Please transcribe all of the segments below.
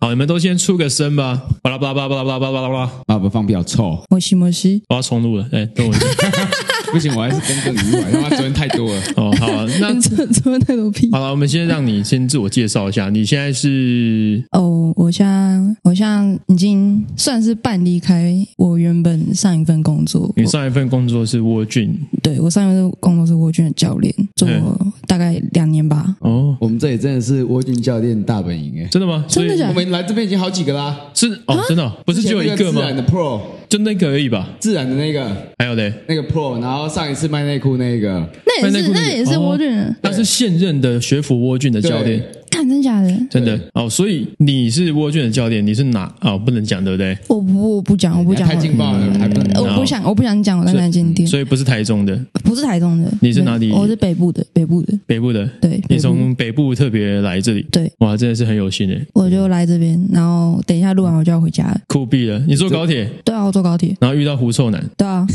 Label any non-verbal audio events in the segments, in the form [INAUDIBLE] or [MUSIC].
好，你們都先出個聲吧！巴拉巴拉巴拉巴拉巴拉巴拉，爸爸放比較臭。摩西，摩西，我要重錄了，哎，等我一下。不行，我還是公正你吧，因為他昨天太多了。哦，好，那昨天太多屁。好了，我們先讓你先自我介紹一下。你現在是？哦，我現在我現在已經算是半離開我原本上一份工作。你上一份工作是沃俊？對，我上一份工作是沃俊的教練，做了大概兩年吧。哦，我們這裡真的是沃俊教練大本營哎，真的嗎？所以我們來這邊已經好幾個啦。是哦，真的不是只有一個嗎？自然的 Pro，就那個而已吧。自然的那個還有嘞，那個 Pro 然後。然後上一次賣內褲那個,那個那，那也是、哦、對那也是沃頓，他是現任的學府沃頓的教練。看，真假的？真的哦，所以你是蝸捲的教練，你是哪哦，不能講，對不對？我我不講，我不講，太勁爆了，我不想，我不想講，我在南京天，所以不是台中的，不是台中的，你是哪裡？我是北部的，北部的，北部的，對，你從北部特別來這裡，對，哇，真的是很有心的，我就來這邊，然後等一下錄完我就要回家了，酷斃了！你坐高鐵？對啊，我坐高鐵，然後遇到狐臭男，對啊，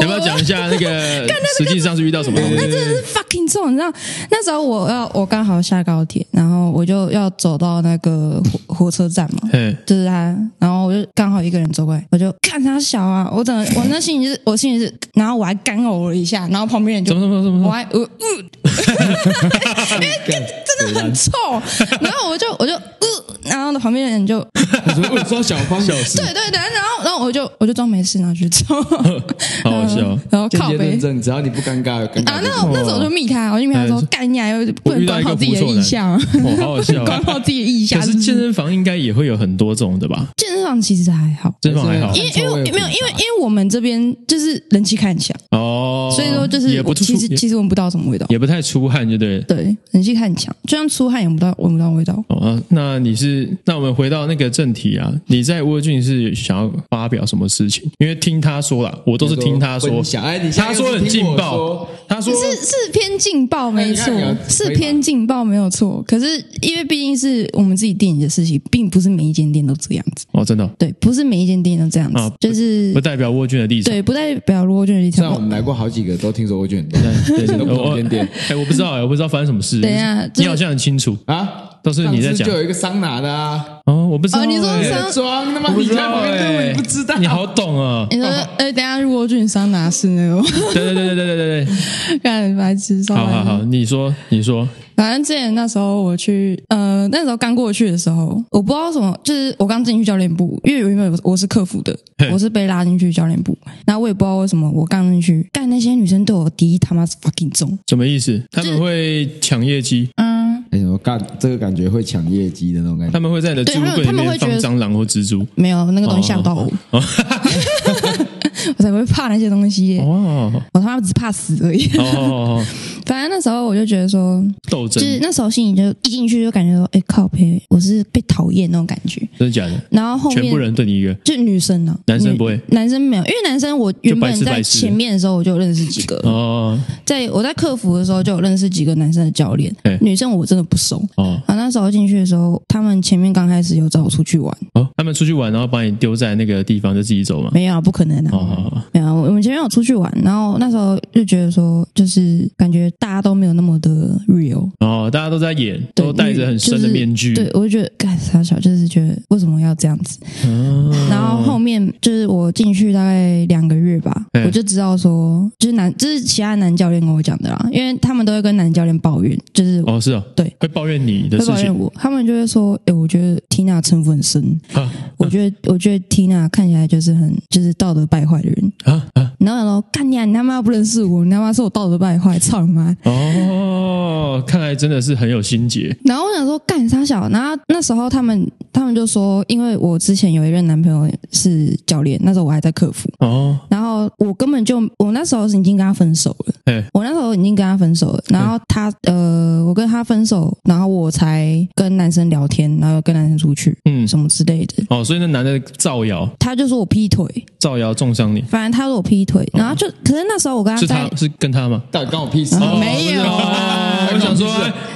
有沒有講一下那個？實際上是遇到什麼？那真的是 fucking 臭，你知道？那時候我我剛好下高。然後我就要走到那個火火車站嘛，對就是他。然後我就剛好一個人走過來，我就看他小啊，我等我那心裡就是我心裡、就是，然後我還乾嘔了一下，然後旁邊人就怎麼怎麼怎麼，麼麼我還嗚嗚、呃， [LAUGHS] [LAUGHS] 因為真的很臭，然後我就我就。然後旁邊的人就，裝小方小死。對對對，然後然後我就我就裝沒事拿去抽。好好笑。然後靠北，間接認證，只要你不尷尬。啊，那那時候我就避開，因為還說尷尬又不能端好自己的意象。好好笑，端好自己的意象。可是健身房應該也會有很多種的吧？健身房其實還好，健身房還好，因為因為沒有因為因為我們這邊就是人氣很強哦，所以說就是我其實其實聞不到什麼味道，也不太出汗，就對對，人氣很強，就像出汗也聞不到聞不到味道。哦，那你是？那我們回到那個正題啊，你在沃郡是想要發表什麼事情？因為聽他說了，我都是聽他說，他，他說很勁爆，他說是偏是偏勁爆沒錯，是偏勁爆沒有錯。可是因為畢竟是我們自己店裡的事情，並不是每一間店都這樣子哦，真的對，不是每一間店都這樣子。就是不代表沃郡的例子，對，不代表沃郡的店。雖然我們來過好幾個，都聽說沃郡在最近都關了店。哎，我不知道、欸，我不知道，不知道發生什麼事。等一下，你好像很清楚啊。當時就有一個桑拿的啊！哦，我不知道、欸啊。你說桑拿那麼我不、欸、你看不知道？你好懂、啊、你說說哦！你說，哎，等下，如果去你桑拿室那個？對對對對對對對對。干白吃桑。吃好好好，你說，你說。反正之前那時候我去，呃，那時候剛過去的時候，我不知道什麼，就是我剛進去教練部，因為因為我是客服的，嘿我是被拉進去教練部，那我也不知道為什麼，我剛進去，但那些女生對我第一，他媽是 fucking 重。什麼意思？她就們會搶業績？嗯。什麼幹？這個感覺會搶業績的那種感覺。他們會在你的豬櫃裡面放蟑螂或蜘蛛，沒有那個東西嚇到我。我才不會怕那些東西哦！我他媽只怕死而已。哦，反正那時候我就覺得說，鬥爭就是那時候心裡就一進去就感覺說，哎靠，北，我是被討厭那種感覺，真的假的？然後後面全部人對你一個，就女生呢，男生不會，男生沒有，因為男生我原本在前面的時候我就認識幾個哦，在我在客服的時候就有認識幾個男生的教練，女生我真的不熟哦。啊，那時候進去的時候，他們前面剛開始有找我出去玩，哦，他們出去玩，然後把你丟在那個地方就自己走嗎？沒有，不可能的。沒有、啊，我們前面有出去玩，然後那時候就覺得說，就是感覺大家都沒有那麼的 real，哦，大家都在演，對都戴着很深的面具，就是、對我就覺得幹三小，就是覺得為什麼要這樣子？哦、然後後面就是我進去大概兩個月吧，哎、我就知道說，就是男，就是其他男教練跟我講的啦，因為他們都會跟男教練抱怨，就是哦是哦，對，會抱怨你的事情，會抱怨我他們就會說，哎，我覺得緹娜城府很深，啊，啊我，我覺得我覺得緹娜看起來就是很就是道德敗壞。人啊，啊然後想說幹呀，啊，你他媽不認識我，你他媽說我道德敗壞，操你媽！哦，看來真的是很有心結。然後我想說幹三小，然後那時候他們他們就說，因為我之前有一任男朋友是教練，那時候我還在客服哦。然後我根本就我那時候是已經跟他分手了，哎嘿，我那時候已經跟他分手了。然後他嘿呃，我跟他分手，然後我才跟男生聊天，然後跟男生出去，嗯，什麼之類的。哦，所以那男的造謠，他就說我劈腿，造謠中傷。反正他說我劈腿，嗯、然後就，可是那時候我跟他，是他是跟他嗎？但剛我劈死他，啊，沒有、啊。 [LAUGHS] 我想說，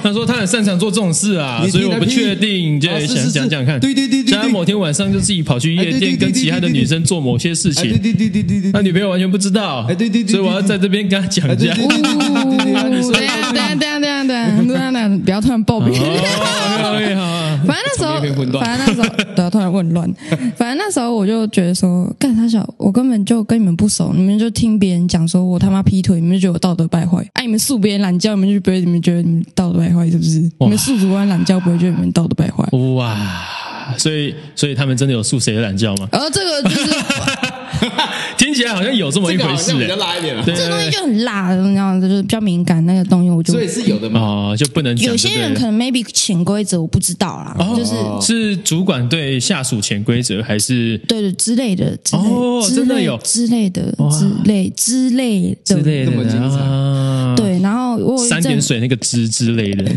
他說他很擅長做這種事啊，所以我不確定，就想講講看，對對對對。他某天晚上就自己跑去夜店，跟其他的女生做某些事情，對對對對對，他女朋友完全不知道，對對對，所以我要在這邊跟他講一下。這樣這樣這樣這樣這樣，不要突然暴斃。好，好，好，好。反正那時候，反正那時候，對，突然混亂。反正那時候我就覺得說，幹他小，我根本就跟你們不熟，你們就聽別人講說我他媽劈腿，你們就覺得我道德敗壞，哎，你們宿別人懶覺，你們就別你們。覺得你們道德敗壞是不是？哇你們宿主管懶覺不會覺得你們道德敗壞？哇！所以，所以他們真的有宿誰的懶覺嗎？然後、呃、這個就是哇聽起來好像有這麼一回事，欸。這比較辣一點。對，這個東西就很辣，這樣就是比較敏感。那個東西我覺得這也是有的嘛，哦。就不能就。有些人可能 maybe 潛規則，我不知道啦。就是是主管對下屬潛規則，還是對的之類的，哦，真的有之類的，之類之類的，之類的。這麼精彩。哦三點水那個汁之類的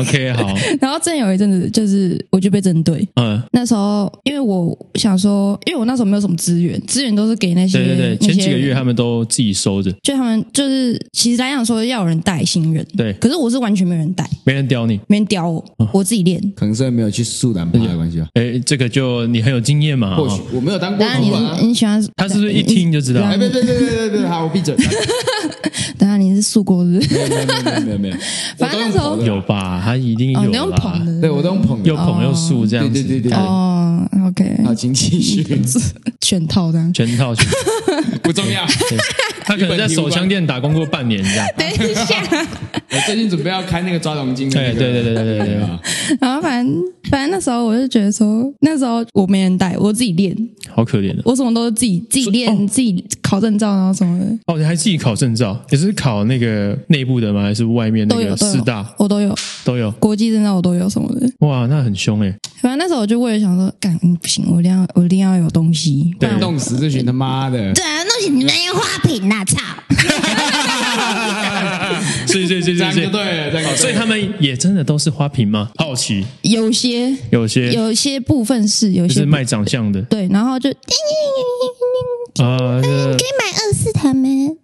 ，OK，好。然後真有一陣子，就是我就被針對。嗯，那時候因為我想說，因為我那時候沒有什麼資源，資源都是給那些對對對，前幾個月他們都自己收着，就他們就是其實來想說要有人帶新人，對。可是我是完全沒人帶，沒人屌你，沒人屌我，我自己練。可能是因為沒有去素膽，跟你的關係啊。哎，這個就你很有經驗嘛，或許我沒有當過。那你你喜歡他是不是一聽就知道？對，別別別，好，我閉嘴。那你是素過日，有沒有？沒有。沒有沒有沒有 [LAUGHS] 反正那時候有吧，他一定有吧？對我都用捧的，又捧又素這樣子，哦、對對對，對哦，OK，好，啊，請繼續，全套這樣，全套拳，不重要。他可能在手槍店打工過半年，這樣。等一下， [LAUGHS] 我最近準備要開那個抓龍筋、那個。對,對對對對對。然後反正反正那時候我就覺得說，那時候我沒人帶，我自己練。好可憐的。我什麼都是自己自己練，哦、自己考證照，然後什麼的。哦，你還自己考證照？你是考那個內部的嗎？還是外面那個四大？我都有，都有國際證照，我都有什麼的。哇，那很凶哎、欸。反正那時候我就為了想說，幹，不行，我一定要我一定要有東西，弄對死這群他媽的。對啊，那是你沒有花瓶啊！大差，哈哈哈哈哈！哈哈哈哈哈！對對對對對，對，所以他們也真的都是花瓶嗎？好奇，有些，有些，有些部分是有些是賣長相的，對，然後就啊，可以買二四他們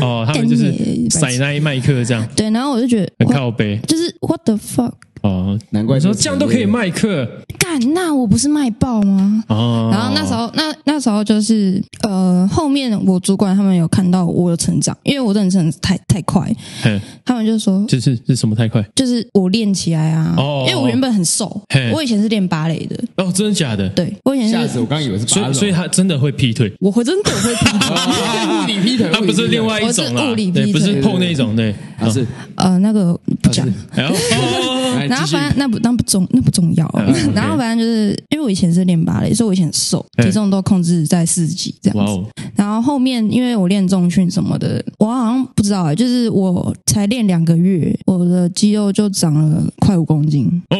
哦，他們就是甩奶麥克這樣，對，然後我就覺得很靠北，就是 what the fuck。哦，難怪說這樣都可以賣課，幹那我不是賣爆嗎？哦，然後那時候那那時候就是呃，後面我主管他們有看到我的成長，因為我真的成長太太快，他們就說這是是什麼太快？就是我練起來啊，因為我原本很瘦，我以前是練芭蕾的。哦，真的假的？對，我以前是嚇死我，剛以為是所以所以他真的會劈腿，我會真的會劈物理劈腿，不是另外一種劈對，不是碰那種對，還是。呃，那個不講，然後反正那不那不重那不重要，然後反正就是因為我以前是練芭蕾，所以我以前瘦，體重都控制在四十幾這樣子。然後後面因為我練重訓什麼的，我好像不知道，就是我才練兩個月，我的肌肉就長了快五公斤哦，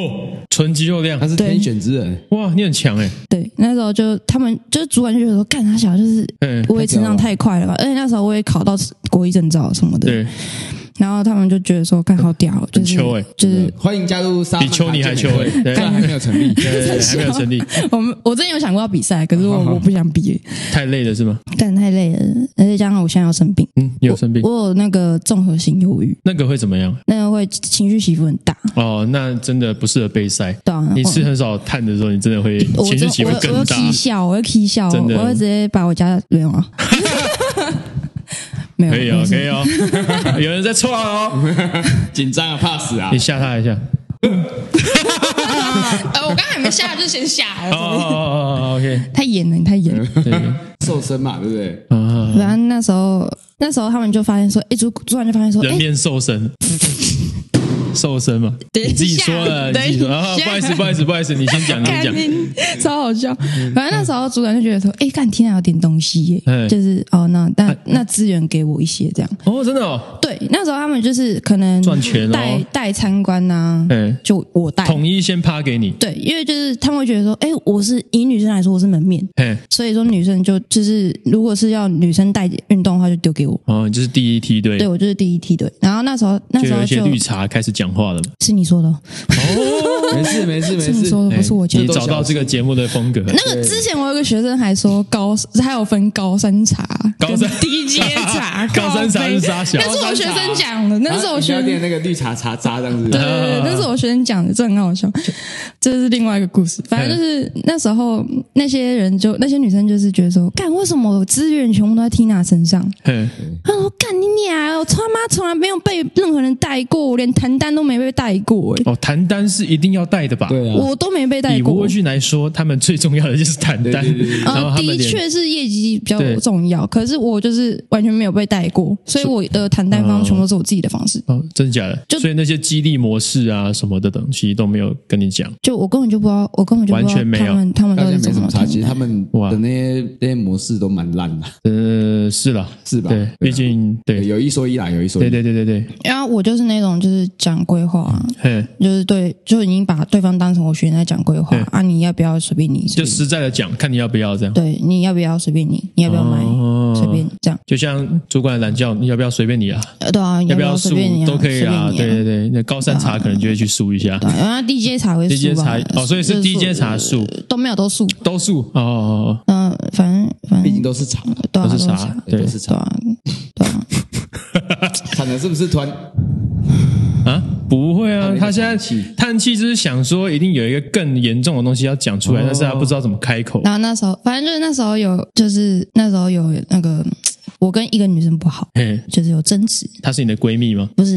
純肌肉量，他是天選之人哇，你很強哎，對，那時候就他們就是主管就覺得說，幹他強就是，嗯，我也成長太快了吧，而且那時候我也考到國際證照什麼的，對。然後他們就覺得說，幹好屌，就是秋誒，就是歡迎加入沙比秋，你還秋誒，但還沒有成立，還沒有成立。我們我真有想過要比賽，可是我我不想比，太累了是嗎？但太累了，而且加上我現在要生病，嗯，你有生病，我有那個綜合型憂鬱，那個會怎麼樣？那個會情緒起伏很大哦，那真的不適合備賽。你吃很少碳的時候，你真的會情緒起伏更大。我會起笑，我會起笑，我會直接把我家扔了。可以哦，思可以哦， [LAUGHS] 有人在錯了哦，緊張啊，怕死啊！你嚇他一下。我剛還沒有嚇，就是先嚇。哦哦哦，OK。太嚴了，你太嚴。對，瘦身嘛，對不對？啊、不然後那時候，那時候他們就發現說，哎，主主管就發現說，人面瘦身。欸 [LAUGHS] 瘦身嘛，你自己說了，你自己說。不好意思，不好意思，不好意思，你先講，你講。超好笑，反正那時候主管就覺得說：“哎，幹，天啊，有點東西耶。”就是哦，那那那資源給我一些這樣。哦，真的。哦。對，那時候他們就是可能賺錢哦，帶帶參觀吶。嗯，就我帶。統一先趴給你。對，因為就是他們會覺得說：“哎，我是以女生來說，我是門面。”哎。所以說女生就就是如果是要女生帶運動的話，就丟給我。哦，就是第一梯隊。對，我就是第一梯隊。然後那時候那時候就有一些綠茶開始講話的，是你說的，哦。沒事沒事沒事，你說的不是我講的。你找到這個節目的風格。那個之前我有個學生還說高，還有分高山茶、高山低階茶、高山茶是啥小，那是我學生講的。那是我學生那個綠茶茶渣這樣子，對，那是我學生講的，這很好笑。這是另外一個故事，反正就是那時候那些人就那些女生就是覺得說，幹，為什麼我資源全部都在 Tina 身上？嗯，我幹你娘，我他媽從來沒有被任何人帶過，我連談單都沒被帶過哦，談單是一定要帶的吧？對啊，我都沒被帶過。以沃訊來說，他們最重要的就是談單，的確是業績比較重要。可是我就是完全沒有被帶過，所以我的談單方全都是我自己的方式。哦，真的假的？就所以那些激勵模式啊什麼的東西都沒有跟你講，就我根本就不知道，我根本就完全沒有。他們大家沒什麼差實，他們的那些那些模式都蠻爛的。是了，是吧？對，畢竟對有一說一啊，有一說對對對對對。然後我就是那種就是講。規劃，就是對，就已經把對方當成我學員在講規劃啊，你要不要隨便你？就實在的講，看你要不要這樣。對，你要不要隨便你？你要不要買？隨便這樣。就像主管懶覺，要不要隨便你啊？對啊，要不要啊都可以啊。對對對，那高山茶可能就會去輸一下。啊，低階茶會輸吧？低階茶哦，所以是低階茶輸都沒有都輸都輸哦。嗯，反正反正畢竟都是茶，都是茶，對都是茶，對。砍的是不是團？不會啊，他現在起，嘆氣就是想說，一定有一個更嚴重的東西要講出來，但是他不知道怎麼開口。哦，然後那時候，反正就是那時候有，就是那時候有那個。我跟一個女生不好，就是有爭執。她是你的閨蜜嗎？不是，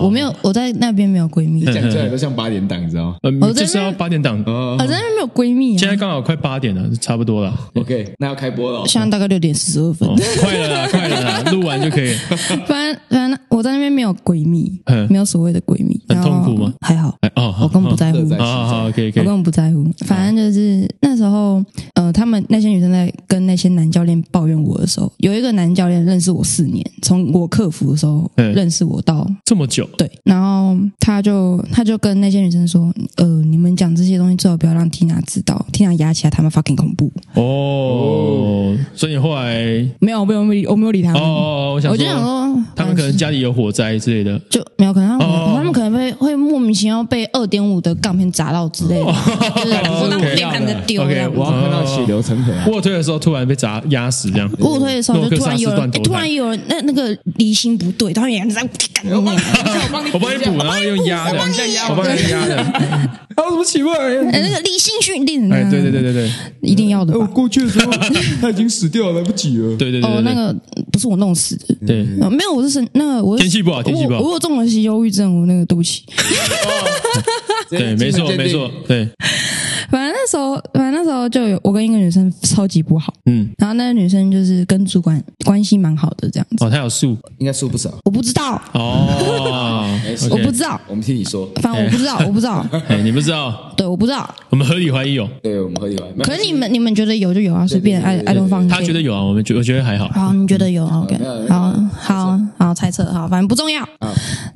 我沒有，我在那邊沒有閨蜜。講出來都像八點檔，你知道嗎？就是要八點檔。我在那邊沒有閨蜜。現在剛好快八點了，差不多了。OK，那要開播了，現在大概六點四十二分，快了，快了，錄完就可以。反正反正我在那邊沒有閨蜜，沒有所謂的閨蜜。很痛苦嗎？還好，哦，我根本不在乎。好 OK，我根本不在乎。反正就是那時候，呃，他們那些女生在跟那些男教練抱怨我的時候，有一個男教練認識我四年，從我客服的時候嗯，認識我到這麼久，對，然後他就他就跟那些女生說，呃，你們講這些東西最好不要讓 Tina 知道，Tina 壓起來他們 fucking 恐怖哦。所以你後來沒有，沒有理？我沒有理他們哦，我想。我就想說，他們可能家裡有火災之類的，就沒有，可能他們可能會會莫名其妙被二點五的槓片砸到之類的，就是，我當掉在丟，我要看到血流成河，臥推的時候突然被砸壓死這樣，臥推的時候就突然有。哎，突然有那那個離心不對，突然有這樣，我幫你，我幫你補，然後又壓，現在壓，我幫你壓的，啊，什麼奇怪，那個離心訓練，對對對對對，一定要的。哦，過去的時候他已經死掉了，來不及了。對對對，哦，那個不是我弄死的，對，沒有，我是神。那個我天氣不好，天氣不好，我我中了些憂鬱症，我那個對不起。對，沒錯沒錯，對。反正那時候，反正那時候就有我跟一個女生超級不好，嗯，然後那個女生就是跟主管關係蠻好的，這樣子哦。他有輸，應該輸不少。我不知道哦，我不知道。我們聽你說。反正我不知道，我不知道。哎，你不知道？對，我不知道。我們合理懷疑有。對，我們合理懷疑。可是你們你們覺得有就有啊，隨便 I don't know。他覺得有啊，我們覺我覺得還好。好，你覺得有啊？好好好，猜測好，反正不重要。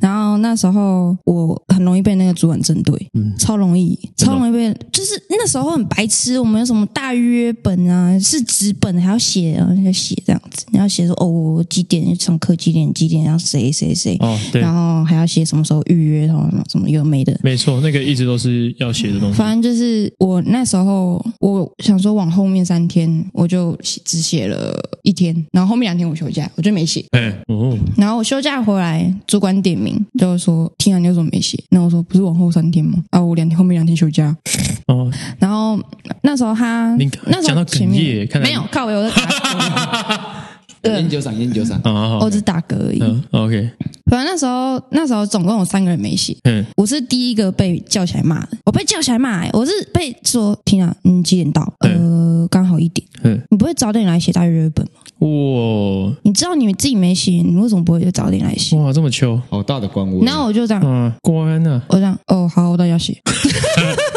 然後那時候我很容易被那個主管針對，超容易，超容易被，就是那時候很白痴。我們有什麼大約本啊，是紙本還要寫啊，要寫這樣子。然後寫說哦，幾點上課幾點？幾點？幾點？要誰？誰誰？哦，對，然後還要寫什麼時候預約，然後什麼優美的，沒錯，那個一直都是要寫的東西。反正就是我那時候，我想說往後面三天，我就只寫了一天，然後後面兩天我休假，我就沒寫。哎、哦、然後我休假回來，主管點名，就是說聽完你有什麼沒寫。那我說不是往後三天嗎？啊，我兩天後面兩天休假。哦，然後那時候他你那時候前面講到哽咽，沒有，靠我，有的 [LAUGHS] 研究上研究上，我只是大哥而已。嗯 OK，反正那時候那時候總共有三個人沒寫。嗯，我是第一個被叫起來罵的。我被叫起來罵，我是被說：聽啊，你幾點到？呃，剛好一點。嗯，你不會早點來寫大日本嗎？哇，你知道你自己沒寫，你為什麼不會就早點來寫？哇，這麼糗，好大的官威。然後我就這樣，嗯官啊，我這樣，哦，好，我到家寫。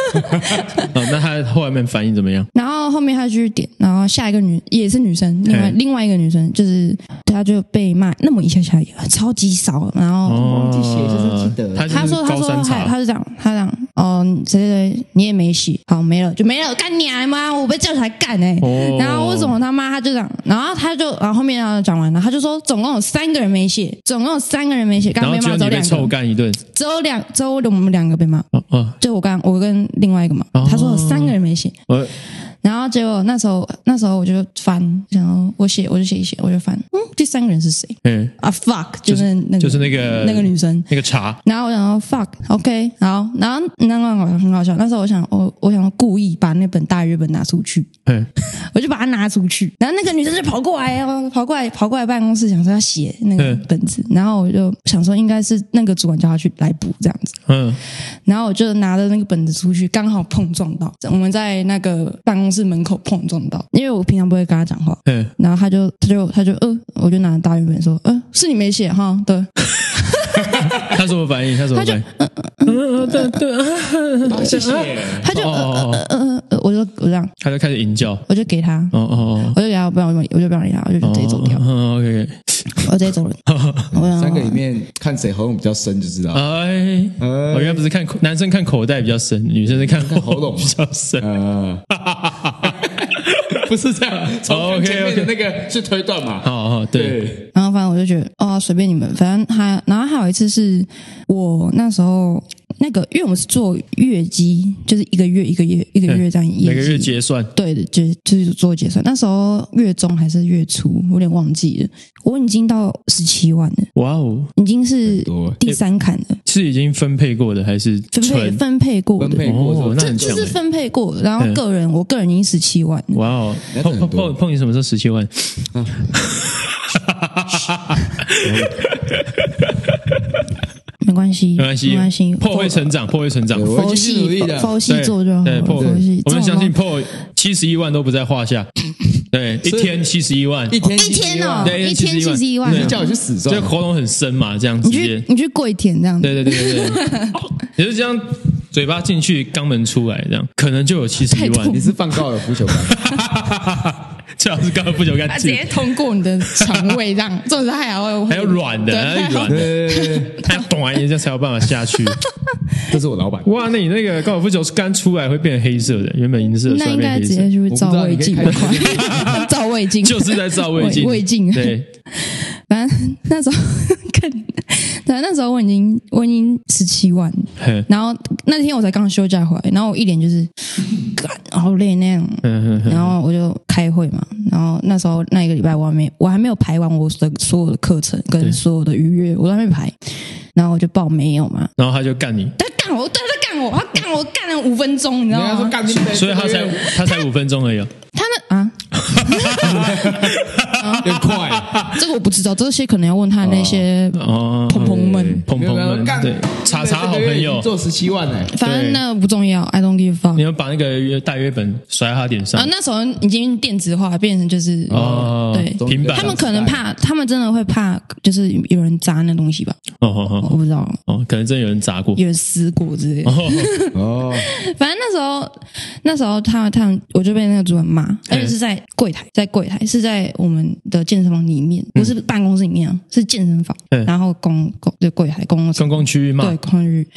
[LAUGHS] 哦，那他後面反應怎麼樣？然後後面他就去點，然後下一個女也是女生，另外另外一個女生、欸、就是她就被罵，那麼一下下來超級少了，然後、哦、忘就，是他，就啊、他說他說他就這樣，他講嗯，誰誰誰你也沒寫，好沒了就沒了，幹你媽，我被叫起來幹哎、欸。哦、然後為什麼他媽他就這樣？然後他就然後後面他就講完了，他就說總共有三個人沒寫，總共有三個人沒寫，剛被罵走兩，剛剛被臭幹一頓，只有兩只有我們兩個被罵。哦哦、就我剛我跟。另外一個嘛，他說、oh. 三個人沒戲。Oh. Oh. 然後結果那時候，那時候我就翻，然後我寫，我就寫一寫，我就翻。嗯，第三個人是誰？嗯啊，fuck，就是那個，就是那個、嗯、那個女生，那個茶。然後我想說 fuck，OK。然後然後那晚好像很好笑，那時候我想，我我想故意把那本大日本拿出去。嗯，我就把它拿出去。然後那個女生就跑過來哦，跑過來，跑過來辦公室，想說要寫那個本子。嗯、然後我就想說，應該是那個主管叫他去來補這樣子。嗯，然後我就拿着那個本子出去，剛好碰撞到我們在那個辦公。是門口碰撞到，因為我平常不會跟他講話，嗯，然後他就他就他就嗯、呃，我就拿着大圓筆說，嗯、呃，是你沒寫哈，對。 [LAUGHS] 他什麼反應？他什麼反應？他嗯對對，謝謝。他就嗯嗯，我就我這樣，他就開始淫叫。我就給他，哦哦，我就給他，我不要，我就不讓給他，我就直接走掉。OK，我直接走了。三個裡面看誰喉嚨比較深就知道。哎，我原來不是看男生看口袋比較深，女生是看喉嚨比較深。不是這樣，從前面那個是推斷嘛。哦哦，對。然後反正我就覺得，哦，隨便你們，反正還，然後還有一次是我那時候。那個，因為我們是做月基，就是一個月一個月一個月這樣、嗯，每個月結算，對的，就是、就是做結算。那時候月中還是月初，我有點忘記了。我已經到十七萬了，哇哦，已經是第三坎了。欸、是已經分配過的還是純分配過的？分配過的，這、哦哦欸、這是分配過，然後個人，嗯、我個人已經十七萬，哇哦，碰碰碰碰，你什麼時候十七萬？哈哈哈哈哈！ [LAUGHS] [LAUGHS] [LAUGHS] 沒關係，沒關係，破會成長，破會成長。我會繼續努力的。剖析做就好了。剖析，我們相信破七十一萬都不在話下。對，一天七十一萬，一天七十一萬，一天七十一萬，你叫我去死做，這喉嚨很深嘛，這樣子。你去，你去跪舔這樣子。對對對對對。你就這樣嘴巴進去，肛門出來這樣，可能就有七十一萬。你是放高爾夫球？最好是高爾夫球桿，他直接通過你的腸胃這種總還要還有軟的，軟對的，它短這樣才有辦法下去。 [LAUGHS] 這是我老板。哇，那你那個高爾夫球剛出來會變黑色的，原本銀色，色，那應該直接就是，是照胃鏡， [LAUGHS] 照胃鏡鏡，就是在照胃鏡，胃鏡。味對，反正那時候。那 [LAUGHS] 那時候我已經我已經十七萬，嘿然後那天我才剛休假回來，然後我一臉就是然後好累那樣，嘿嘿嘿然後我就開會嘛，然後那時候那一個禮拜我還沒我還沒有排完我的所有的課程跟所有的預約，對我都沒排，然後我就報沒有嘛，然後他就幹你，他幹我，對，他幹我，他幹我幹、嗯、了五分鐘，你知道嗎？所以他才他才五分鐘而已，他，他那啊。 [LAUGHS] [LAUGHS] 快！這個我不知道，這些可能要問他那些捧捧們、捧捧們。對，查查好朋友做十七萬呢，反正那不重要，I don't give a fuck。你們把那個大約本甩他臉上啊？那時候已經電子化，變成就是哦，對，平板。他們可能怕，他們真的會怕，就是有人砸那東西吧？哦哦哦，我不知道哦，可能真有人砸過，有人撕過之類的。哦，反正那時候，那時候他們他我就被那個主管罵，而且是在櫃檯，在櫃檯是在我們的。健身房裡面不是辦公室裡面啊，嗯、是健身房。對。然後公公就櫃檯公，公共區域嘛。對，區域。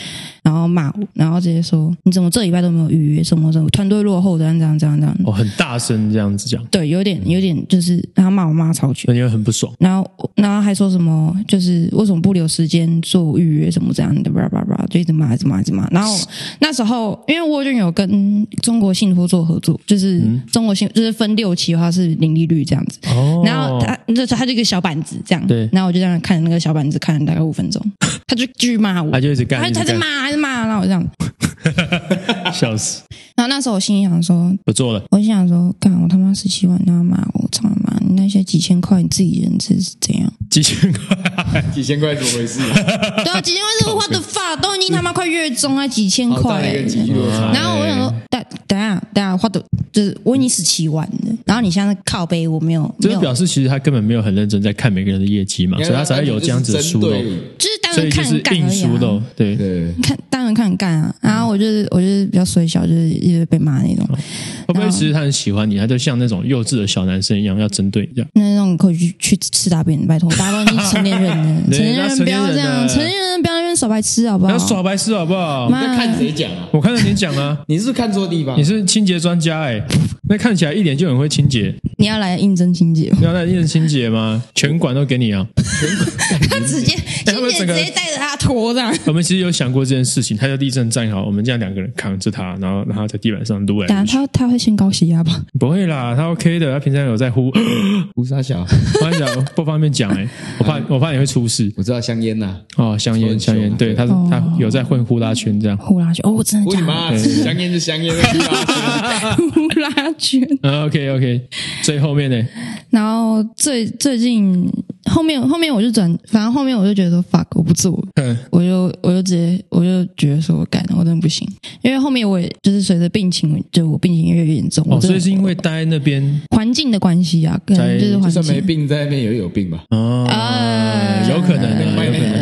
然後罵，我，然後直接說：“你怎麼這禮拜都沒有預約？什麼什麼？團隊落後？的，這樣這樣？這樣。這樣”樣哦，很大聲，這樣子講。對，有點有點，就是然後罵我罵超絕，因為很不爽。然後，然後還說什麼，就是為什麼不留時間做預約？什麼這樣的叭叭叭，blah blah blah, 就一直罵一直罵一直罵，一直罵。然後那時候，因為沃君有跟中國信託做合作，就是中國信、嗯、就是分六期的話是零利率這樣子，哦、然後。然後他，就是他，就一個小板子這樣。對，然後我就這樣看着那個小板子，看了大概五分鐘，他就繼續罵我，他就一直幹，他就罵，他就罵，然後我這樣，， [LAUGHS] 笑死。然後那時候我心裡想說不做了，我心裡想說，幹我他媽十七萬他媽，我操他媽，你那些幾千塊你自己人資是怎樣？幾千塊？ [LAUGHS] 幾千塊怎麼回事、啊？ [LAUGHS] 對啊，幾千塊是我花的發，都已經他媽快月中了、啊，幾千塊。啊、然後我想說，等等下，等下花的，就是我已經十七萬了，嗯、然後你現在靠背我沒有。這表示其實他根本沒有很認真在看每個人的業績嘛，所以他才會有這樣子的數字。所以就是硬熟嘍，對看對，看當然看很幹啊，然後我就是、嗯、我就是比較隨小，就是一直被罵那種。會不會後其實他很喜歡你，他就像那種幼稚的小男生一樣要針對你這樣？那那種可以去去吃大便，拜託，大家都成年人了 [LAUGHS] 對成年人不要這樣，成年人。不要讓別人耍白痴好不好？耍白痴好不好？你在看誰講啊？我看到你講啊！你是不是看錯地方，你是清潔專家哎！那看起來一臉就很會清潔。你要來應徵清潔嗎？你要來應徵清潔嗎？全館都給你啊！他直接，他直接帶着他拖這樣。我們其實有想過這件事情，他就立正站好，我們這樣兩個人扛着他，然後，然後在地板上擼。他他會先高血壓吧？不會啦，他 OK 的。他平常有在呼呼沙小，呼沙小，不方便講哎，我怕，我怕你會出事。我知道香煙吶，哦香煙。香煙，對他，他有在混呼啦圈這樣。呼啦圈，哦，我真的。香煙是香煙。呼啦圈。OK OK，最後面呢？然後最最近後面後面我就轉，反正後面我就覺得說 fuck，我不做了。嗯。我就我就直接我就覺得說我改，了，我真的不行。因為後面我也就是隨着病情，就我病情越來越嚴重。哦，所以是因為待那邊環境的關係啊。在就是就算沒病，在那邊也有病吧。啊，有可能，的，有可能。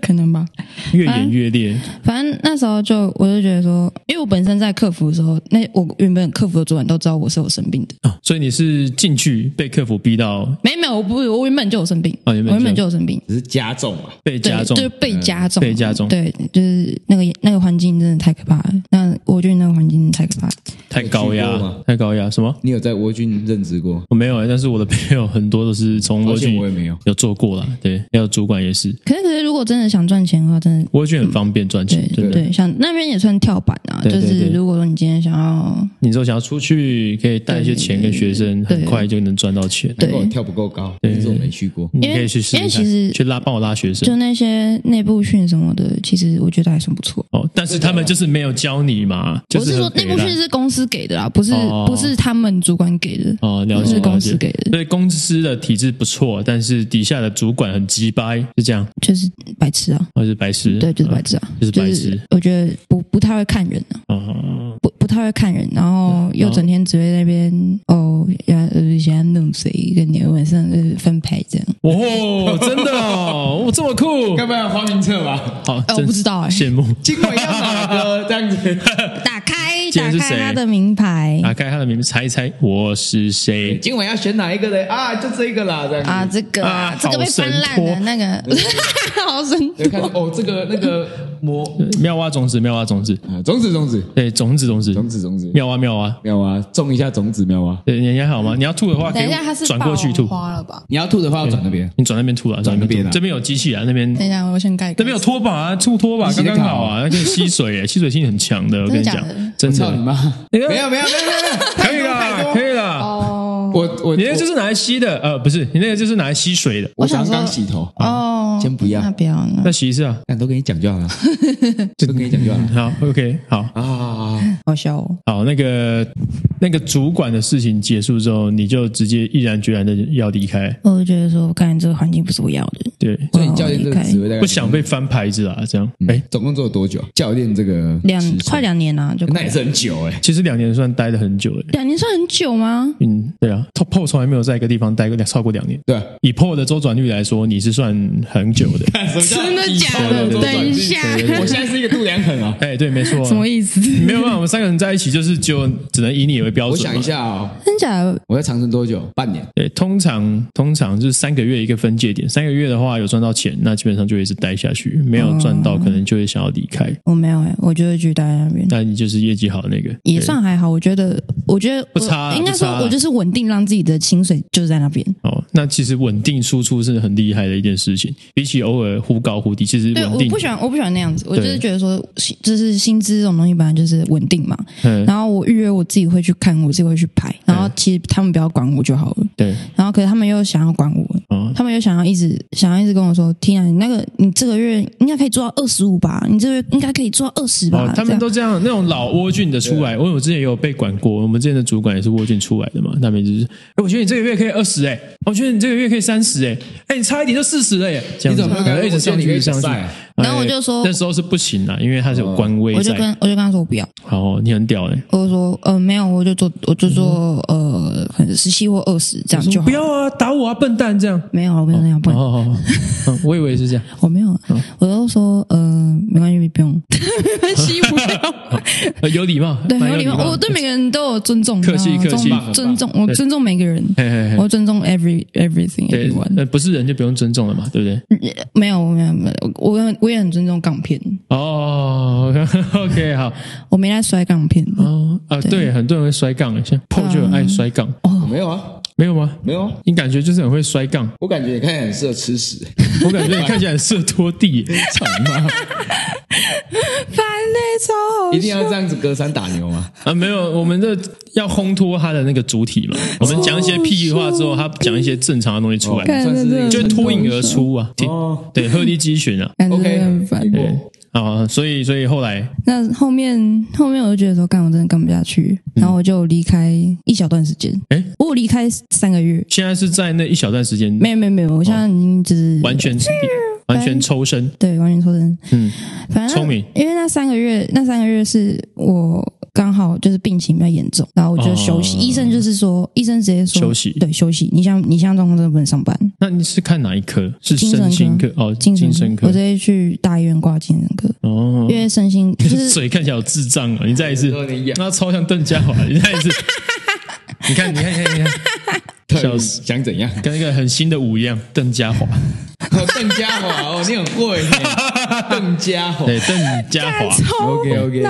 可能吧，越演越烈反。反正那時候就我就覺得說，因為我本身在客服的時候，那我原本客服的主管都知道我是有生病的啊。所以你是進去被客服逼到？沒有沒有，我不我原本就有生病啊、哦，原本就有生病，只是加重了、就是嗯，被加重，就被加重，被加重。對，就是那個那個環境真的太可怕了。那沃軍那個環境太可怕了，太高壓，嗎太高壓。什麼？你有在沃軍任職過？我、哦、沒有、欸，但是我的朋友很多都是從沃軍，嗯、我也沒有有做過啦。對，還有主管也是。可是可是，可是如果真的想賺錢的話，真的我也覺得很方便賺錢。對對，像那邊也算跳板啊。就是如果說你今天想要，你說想要出去，可以帶一些錢跟學生，很快就能賺到錢。對，跳不夠高，但是我沒去過。你可以去試一下。因為其實去拉幫我拉學生，就那些內部訓什麼的，其實我覺得還算不錯。哦，但是他們就是沒有教你嘛。我是說內部訓是公司給的啦，不是不是他們主管給的。哦，了解。是公司給的。對，公司的體制不錯，但是底下的主管很雞掰，是這樣。就是把。吃啊，還是白痴？對，就是白痴啊，就是白痴。我覺得不不太會看人呢，不不太會看人，然後又整天只會在那邊哦，然要想要弄誰，跟你晚上就是分派這樣。哦，真的哦，這麼酷，要不要發名冊吧。好，我不知道哎，羨慕。今晚要哪個？這樣子，打開。打開他的名牌，打開他的名牌，猜一猜我是誰？今晚要選哪一個嘞？啊，就這個啦！啊，這個，啊，這個被翻爛的。那個，好神奇。哦，這個那個魔妙蛙種子，妙蛙種子，啊，種子種子，對，種子種子，種子種子，妙蛙妙蛙妙蛙，種一下種子妙蛙。對你還好嗎？你要吐的話，等一下他是轉過去吐花了吧？你要吐的話，轉那邊，你轉那邊吐了，轉那邊這邊有機器人，那邊等一下我先蓋。這邊有拖把啊，吐拖把剛剛好啊，它可以吸水誒，吸水性很強的，我跟你講，真的。操你媽！沒有沒有沒有沒有，沒有 [LAUGHS] 可以了啦，多可以了。Uh 我我你那個就是拿來吸的，呃，不是，你那個就是拿來吸水的。我想剛洗頭哦，先不要，那不要了。那洗一次啊，那都給你講就好了，這個給你講就好了。好，OK，好啊，好笑哦。好，那個那個主管的事情結束之後，你就直接毅然決然的要離開。我就覺得說，我感覺這個環境不是我要的。對，所以你教練這個職位，不想被翻牌子啊，這樣。哎，總共做了多久？教練這個兩快兩年了，就那也是很久哎。其實兩年算待的很久了。兩年算很久嗎？嗯，對啊。Paul 從來沒有在一個地方待過兩超過兩年。對，以 Paul 的周轉率來說，你是算很久的。的真的假的？對對對對，等一下，對對對，我現在是一個度量衡啊、喔。哎、欸，對，沒錯、啊。什麼意思？沒有辦法，我們三個人在一起，就是就只能以你為標準。我想一下啊、喔，真假的？我在長城多久？半年。對，通常通常就是三個月一個分界點。三個月的話有賺到錢，那基本上就一直待下去；沒有賺到，可能就會想要離開、哦。我沒有、欸，我就會去待那邊。那你就是業績好的那個，也算還好。我覺得，我覺得我不差、啊，不差啊、應該說我就是穩定了。讓自己的薪水就在那邊哦。那其實穩定輸出，出是很厲害的一件事情，比起偶爾忽高忽低，其實對，我不喜歡，我不喜歡那樣子。對我就是覺得說，就是薪資這種東西本來就是穩定嘛。嘿然後我預約我自己會去看，我自己會去拍，嘿然後其實他們不要管我就好了。對嘿。然後可是他們又想要管我，哦、他們又想要一直想要一直跟我說，天啊，你那個你這個月應該可以做到二十五吧？你這個月應該可以做到二十吧？他們都這樣，這樣那種老窩俊的出來，因為對我之前也有被管過，我們之前的主管也是窩俊出來的嘛，那邊就是。我覺得你這個月可以二十哎，我覺得你這個月可以三十哎，哎，你差一點就四十了耶、欸，樣你怎麼感覺一直上，一然後我就說，那時候是不行的，因為他是有官威，我就跟我就跟他說我不要。好，你很屌欸。我說呃沒有，我就做我就做呃十七或二十這樣就好。不要啊，打我啊，笨蛋，這樣沒有沒有沒有不不不，我以為是這樣。我沒有，我都說呃沒關係不用。不要，呃有禮貌，對，有禮貌，我對每個人都有尊重，客氣客氣尊重，我尊重每個人，我尊重 every everything。對，不是人就不用尊重了嘛，對不對？沒有沒有沒有，我我。也很尊重槓片哦、oh,，OK 好， [LAUGHS] 我沒在摔槓片哦啊、oh, 呃、對，對，很多人會摔槓，像破就很愛摔槓哦，uh, 沒有啊，沒有嗎？沒有，啊？你感覺就是很會摔槓，我感覺你看起來很適合吃屎， [LAUGHS] 我感覺你看起來很適合拖地，醜嗎？一定要這樣子隔山打牛嗎？啊，沒有，我們這要烘托他的那個主體嘛。我們講一些屁話之後，他講一些正常的東西出來，就是就脫穎而出啊。哦、對，鶴立雞群啊。OK，對啊 [LAUGHS] 很煩、哦，所以所以後來，那後面後面我就覺得說，幹我真的幹不下去，然後我就離開一小段時間。誒、嗯、我離開三個月。現在是在那一小段時間？沒有沒有沒有，我現在已經就是、哦、完全。完全抽身，對，完全抽身。嗯，反正因為那三個月，那三個月是我剛好就是病情比較嚴重，然後我就休息。醫生就是說，醫生直接說，休息，對，休息。你像你像在狀況真不能上班。那你是看哪一科？是精神科哦，精神科。我直接去大醫院掛精神科哦，因為身心就是嘴看起來有智障啊！你再一次，那超像鄧家華，你再一次，你看你看你看，笑想怎樣？跟一個很新的舞一樣，鄧家華。鄧家華哦，你、哦、很貴。鄧 [LAUGHS] 家華，對鄧家華衝，OK OK。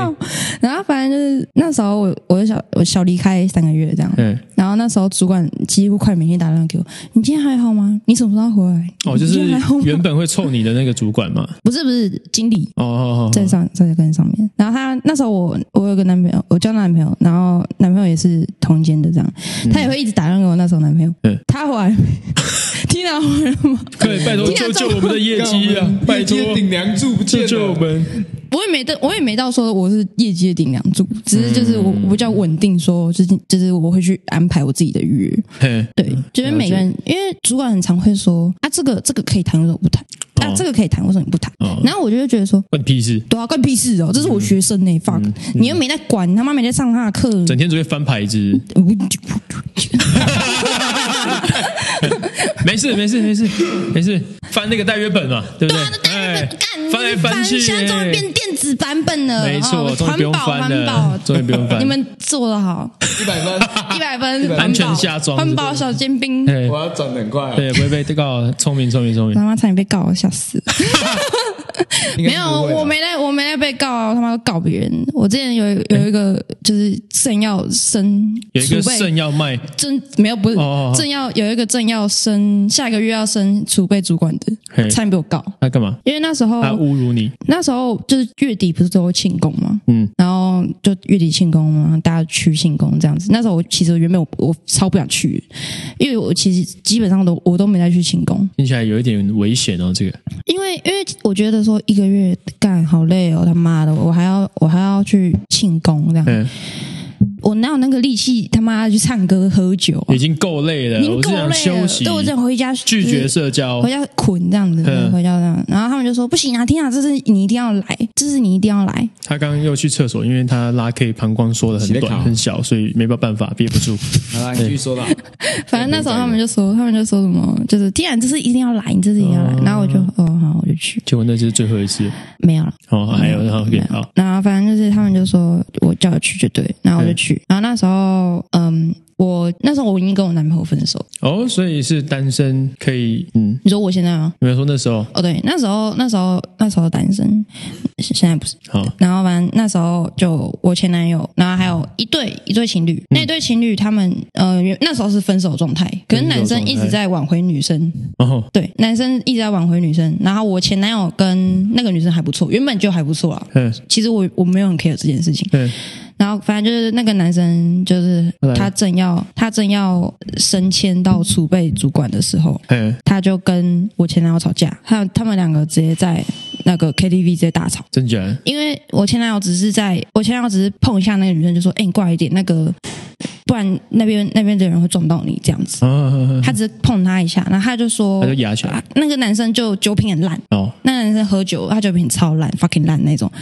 然後反正就是那時候我我小我小離開三個月這樣，對、欸。然後那時候主管幾乎快每天打電話給我，你今天還好嗎？你什麼時候回來？哦，就是原本會湊你的那個主管嘛， [LAUGHS] 不是不是經理哦，好好好在上在在更上面。然後他那時候我我有個男朋友，我交男朋友，然後男朋友也是同間的這樣，嗯、他也會一直打電話給我。那時候男朋友，嗯、欸，他回來。 [LAUGHS] 聽到了嗎？可以，拜託救救我們的業績啊！拜託，頂梁柱，救救我們！我也沒到，我也沒到說我是業績的頂梁柱，只是就是我比較穩定，說就是就是我會去安排我自己的預約。對，就是每個人，因為主管很常會說啊，這個這個可以談，為什麼我不談？啊，這個可以談，為什麼你不談？然後我就會覺得說，關你屁事！對啊，關屁事哦，這是我學生內範，你又沒在管，他媽每天上他的課，整天只會翻牌子。沒事沒事沒事沒事，翻那個大約本嘛，對不對？翻來翻去，現在終於變電子版本了，沒錯，終於不用翻了，你們做得好，一百分，一百分，環保，環保小尖兵。我要轉很快，對，不會被被告，聰明，聰明，聰明。他媽差點被告嚇死。沒有，我沒來我沒來被告，他媽都告別人。我之前有有一個就是聖耀生，有一個聖耀賣，證沒有不是，正要有一個正要生。嗯，下一個月要升儲備主管的，hey, 差點被我告。那幹、啊、幹嘛？因為那時候他侮辱你。那時候就是月底，不是都會慶功嗎？嗯，然後就月底慶功嘛，大家去慶功這樣子。那時候我其實原本我我超不想去，因為我其實基本上都我都沒再去慶功。聽起來有一點危險哦，這個。因為因為我覺得說一個月幹好累哦，他媽的，我還要我還要去慶功這樣子。Hey. 我哪有那個力氣？他媽去唱歌喝酒，已經夠累了，我累了。休息，對我這樣回家，拒絕社交，回家困這樣子，回家這樣。然後他們就說：“不行啊，天啊，這是你一定要來，這是你一定要來。”他剛剛又去廁所，因為他拉 K 膀胱縮的很短很小，所以沒辦法，憋不住。好啦，你繼續說吧。反正那時候他們就說，他們就說什麼，就是天啊，這是一定要來，你這是一定要來。然後我就，哦，好，我就去。結果那是最後一次，沒有了。哦，還有，然後給好。那反正就是他們就說，我叫去就對。然後我就去。然後那時候，嗯，我那時候我已經跟我男朋友分手哦，所以是單身可以，嗯。你說我現在嗎？你沒有說那時候，哦，對，那時候，那時候，那時候單身，現在不是。好，然後反正那時候就我前男友，然後還有一對好一對情侶，那一對情侶他們，嗯、呃，那時候是分手狀態，可是男生一直在挽回女生，哦，對，男生一直在挽回女生。然後我前男友跟那個女生還不錯，原本就還不錯了，啊。嗯嘿，其實我我沒有很 care 這件事情。嗯。然後，反正就是那個男生，就是他正要他正要升遷到儲備主管的時候，他就跟我前男友吵架，他他們兩個直接在那個 KTV 直接大吵，真絕！因為我前男友只是在我前男友只是碰一下那個女生，就說：“哎，你過來一點，那個不然那邊那邊的人會撞到你這樣子。”他只是碰他一下，然後他就說：“他就那個男生就酒品很爛，哦，那個男生喝酒他酒品超爛，fucking 爛那種。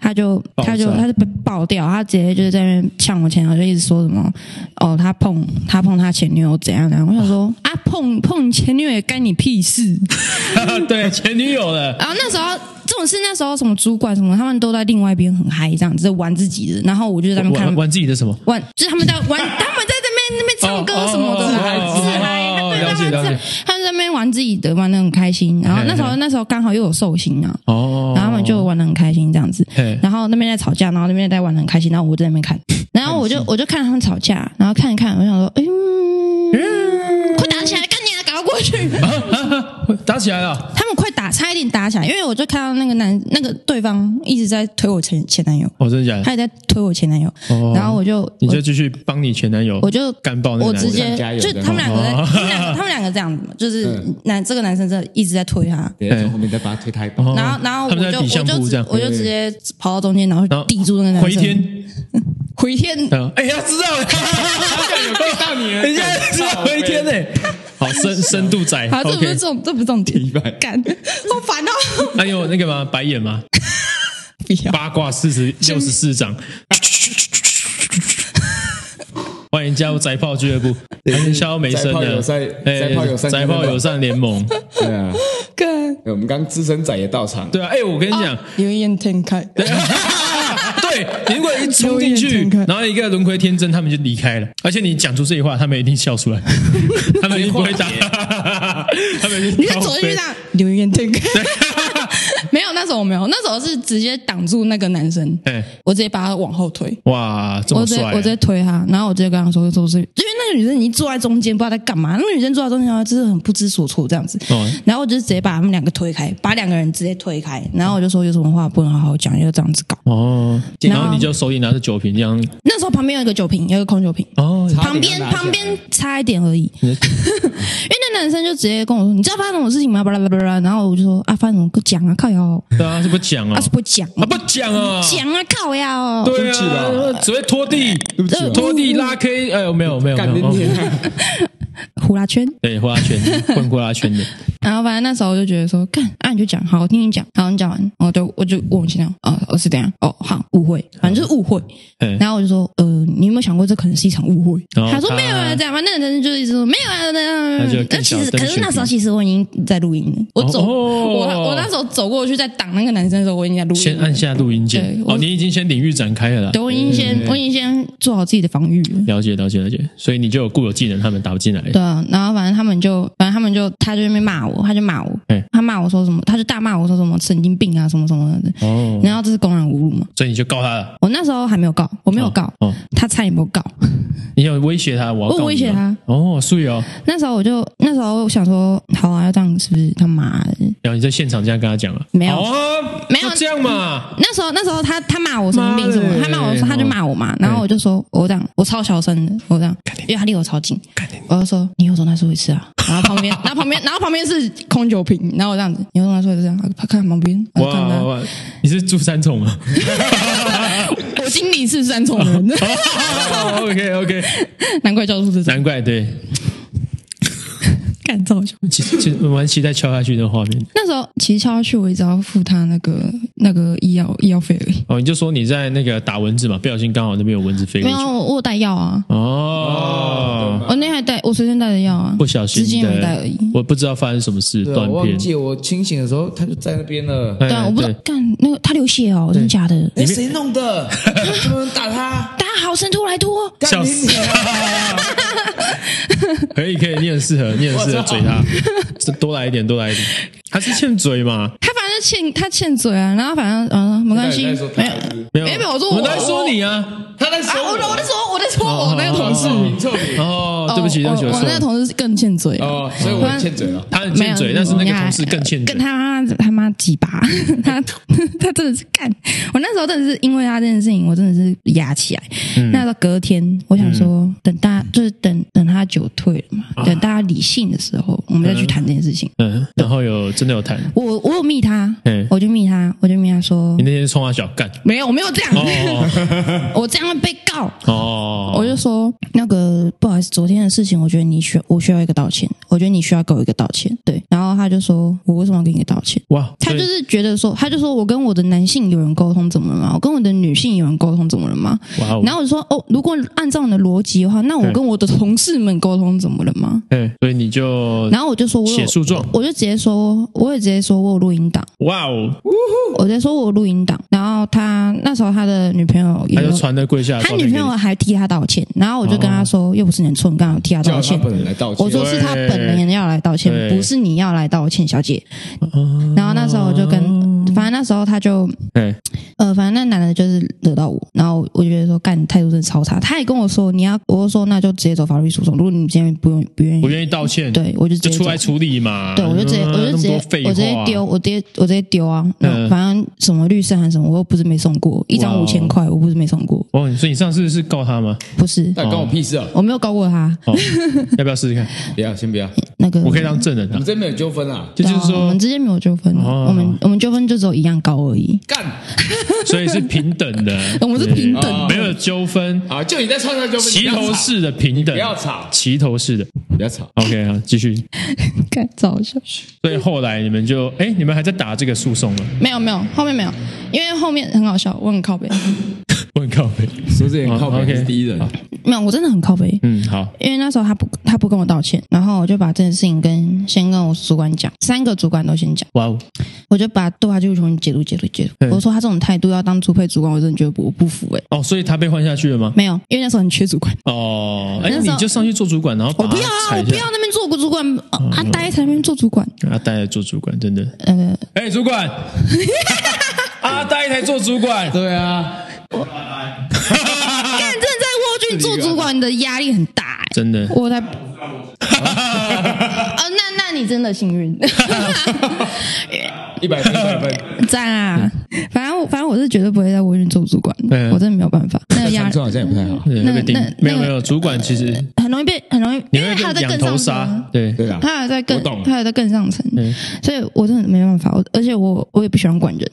他就他就他就被爆掉，他直接就是在那邊嗆我前，後，就一直說什麼，哦，他碰他碰他前女友怎樣怎樣，我想說啊，啊碰碰前女友也干你屁事， [LAUGHS] [LAUGHS] 對前女友的。然後、啊、那時候這種事那時候什麼主管什麼他們都在另外一邊很嗨這樣子玩自己的，然後我就在那邊看玩，玩自己的什麼玩，就是他們在玩他們在，在那邊那邊唱歌什麼的、哦哦、對自嗨。他們那邊玩自己的，玩得很開心。然後那時候，那時候剛好又有壽星啊，然後他們就玩得很開心這樣子。然後那邊在吵架，然後那邊在玩得很開心。然後我在那邊看，然後我就，我就我就看他們吵架，然後看一看，我想說，嗯，快打起來！打過去，打起來了！他們快打，差一點打起來，因為我就看到那個男，那個對方一直在推我前前男友。哦，真的假的？他也在推我前男友，然後我就你就繼續幫你前男友，我就敢抱，我直接就他們兩個，他們兩個這樣子嘛，就是男這個男生在一直在推他，從後面再把他推開。然後然後我就我就我就直接跑到中間，然後抵住那個男生。回天，回天，哎呀，知道，嚇到你了，等一下，知道回天呢。好深深度仔，好，這不是這種，這不是這種題幹，好煩哦。還有那個嗎？白眼嗎？八卦四十六十四掌，歡迎加入仔炮俱樂部，肖美生的仔炮友善，仔炮友善聯盟，對啊，看我們剛資深仔也到場，對啊，哎，我跟你講，有眼天開。對，你如果一衝進去，然後一個輪迴天真，他們就離開了。而且你講出這句話，他們一定笑出來， [LAUGHS] 他們一定不會打。你看左一讓劉元睜開。對 [LAUGHS] 那時候我沒有，那時候是直接擋住那個男生，欸、我直接把他往後推。哇，這麼帥欸、我直接我直接推他，然後我直接跟他說，說是是：“就是因為那個女生已經坐在中間，不知道在幹嘛。那個女生坐在中間，就是很不知所措這樣子。哦欸、然後我就直接把他們兩個推開，把兩個人直接推開。然後我就說：“有什麼話不能好好講，要這樣子搞？”哦，然後，然後你就手裡拿着酒瓶這樣。那時候旁邊有一個酒瓶，有一個空酒瓶。哦，旁邊邊旁邊差一點而已。 [LAUGHS] 因為那男生就直接跟我說：“你知道發生什麼事情嗎？”巴拉巴拉巴拉。然後我就說：“啊，發生什麼？不講啊，靠哦。對啊，是不講啊？啊、是不講啊？啊、不講啊！講啊！靠呀！對不起啦，只會拖地，啊、拖地拉 K、啊、哎呦，沒有沒有。人 [LAUGHS] 呼拉圈，對呼拉圈，混呼拉圈的。然後反正那時候我就覺得說，幹，那你就講，好，我聽你講，好，你講完，我就我就我們這樣，哦，我是這樣，哦，好，誤會，反正就是誤會。然後我就說，呃，你有沒有想過這可能是一場誤會？他說沒有啊，這樣。那男生就一直說沒有啊，這樣。那其實，可是那時候其實我已經在錄音了，我走，我我那時候走過去在擋那個男生的時候，我已經在錄音，先按下錄音鍵。哦，你已經先領域展開了啦。對，我已經先，我已經先做好自己的防御了。了解，了解，了解。所以你就有固有技能，他們打不進來。對啊，然後反正他們就，反正他們就，他就在那邊罵我，他就罵我，他罵我說什麼，他就大罵我說什麼神經病啊，什麼什麼的。哦。然後這是公然侮辱嘛？所以你就告他了？我那時候還沒有告，我沒有告，他差點沒有告。你有威脅他？我。不威脅他。哦，所以哦。那時候我就那時候我想說，好啊，要這樣是不是？他媽的。然後你在現場這樣跟他講啊。沒有，沒有這樣嘛。那時候那時候他他罵我神經病什麼，他罵我說他就罵我嘛，然後我就說我這樣我超小聲的，我這樣，因為他離我超近，我就說。你又跟他說一次啊？然後旁邊，然後旁邊，然後旁邊是空酒瓶，然後這樣子，你又跟他說一次這、啊、樣。他看旁邊，哇，你是住三重嗎？ [LAUGHS] [LAUGHS] 我心裡是三重人、 [LAUGHS] 哦哦哦。OK OK，難怪教書的，難怪對。造，其實蠻期待敲下去的畫面。那時候其實敲下去，我一直要付他那個那個醫藥醫藥費。哦，你就說你在那個打蚊子嘛，不小心剛好那邊有蚊子飛。沒有，我帶藥啊。哦，哦那還帶，我隨身帶的藥啊。不小心，我不知道發生什麼事，我忘記。我清醒的時候，他就在那邊了。對，我不知道幹那個，他流血哦，真的假的？誰弄的？他們打他。好神拖來拖，死了笑死！可以可以，你很適合，你 [LAUGHS] 很適合嘴他，多來一點，多來一點，他是欠嘴嗎？欠他欠嘴啊，然後反正嗯，沒關係，沒有沒有，我說我在說你啊，他在說，我我在說我在說我那個同事，哦，對不起，我在說，我那個同事更欠嘴，所以我很欠嘴說他很欠嘴，但是那個同事更欠，跟他他媽雞巴，他他真的是幹，我那時候真的是因為他這件事情，我真的是壓起來。那到隔天，我想說等大就是等等他酒退了嘛，等大家理性的時候，我們再去談這件事情。嗯，然後有真的有談，我我有密他。嗯，hey, 我就密他，我就密他說：“你那天衝他、啊、小幹，沒有，我沒有這樣，oh. [LAUGHS] 我這樣會被告哦。” oh. 我就說：“那個不好意思，昨天的事情，我覺得你需我需要一個道歉，我覺得你需要給我一個道歉。”對，然後他就說：“我為什麼要給你個道歉？”哇、wow, 他就是覺得說，他就說我跟我的男性有人溝通怎麼了嘛？我跟我的女性有人溝通怎麼了嘛？Wow. 然後我就說：“哦，如果按照你的邏輯的話，那我跟我的同事們溝通怎麼了嘛？”對，hey, 所以你就，然後我就說我有，寫訴狀，我就直接說，我也直接說我有錄音檔。哇哦！Wow 我在說我錄音檔，然後他那時候他的女朋友也，他他女朋友還替他道歉，然後我就跟他說，哦、又不是你的錯，你剛好替他道歉，道歉我說是他本人要來道歉，對對不是你要來道歉，小姐。然後那時候我就跟。嗯反正那時候他就，對，呃，反正那男的就是惹到我，然後我就覺得說，幹，態度真的超差。他也跟我說，你要，我說，那就直接走法律訴訟。如果你今天不用，不願意，不願意道歉，對，我就直就出來處理嘛。對，我就直接，我就直接，我直接丟，我直接，我直接丟啊。反正什麼律師還是什麼，我不是沒送過一張五千塊，我不是沒送過。哦，所以你上次是告他嗎？不是，但關我屁事啊！我沒有告過他。要不要試試看？不要，先不要。那個，我可以當證人。你真沒有糾紛啊？就是說，我們之間沒有糾紛。我們我們糾紛就是。都一樣高而已，幹，所以是平等的， [LAUGHS] 我們是平等的，對哦，沒有糾紛啊。哦！就你在創造糾紛，齊頭式的平等的，不要吵，齊頭式的不要吵。OK 啊，繼續改造一下去。所以後來你們就，哎，你們還在打這個訴訟嗎？沒有，沒有，後面沒有，因為後面很好笑，我很靠北。 [LAUGHS] 我很靠北，是不是很靠北？第一人。沒有，我真的很靠北，嗯，好。因為那時候他不，他不跟我道歉，然後我就把這件事情跟先跟我主管講，三個主管都先講。哇哦！我就把對話就從解讀解讀解讀。我說他這種態度要當主配主管，我真的覺得我不服哎。哦，所以他被換下去了嗎？沒有，因為那時候很缺主管。哦，哎，你就上去做主管，然後我不要啊，我不要那邊做主管。阿呆在那邊做主管。阿呆才做主管，真的。哎，主管。阿呆才做主管。對啊。我 [LAUGHS] [LAUGHS] 幹正在蝸居做主管的壓力很大，欸，真的。我在哈哈哈哈哈！哦，那那你真的幸運，哈哈一百分，讚啊！反正我，反正我是絕對不會在沃運做主管，對我真的沒有辦法。那個壓力好像也不太好，那個沒有沒有主管其實很容易被很容易，因為他在更上層，對對啊，他還在更他還在更上層，所以我真的沒辦法。我而且我我也不喜歡管人，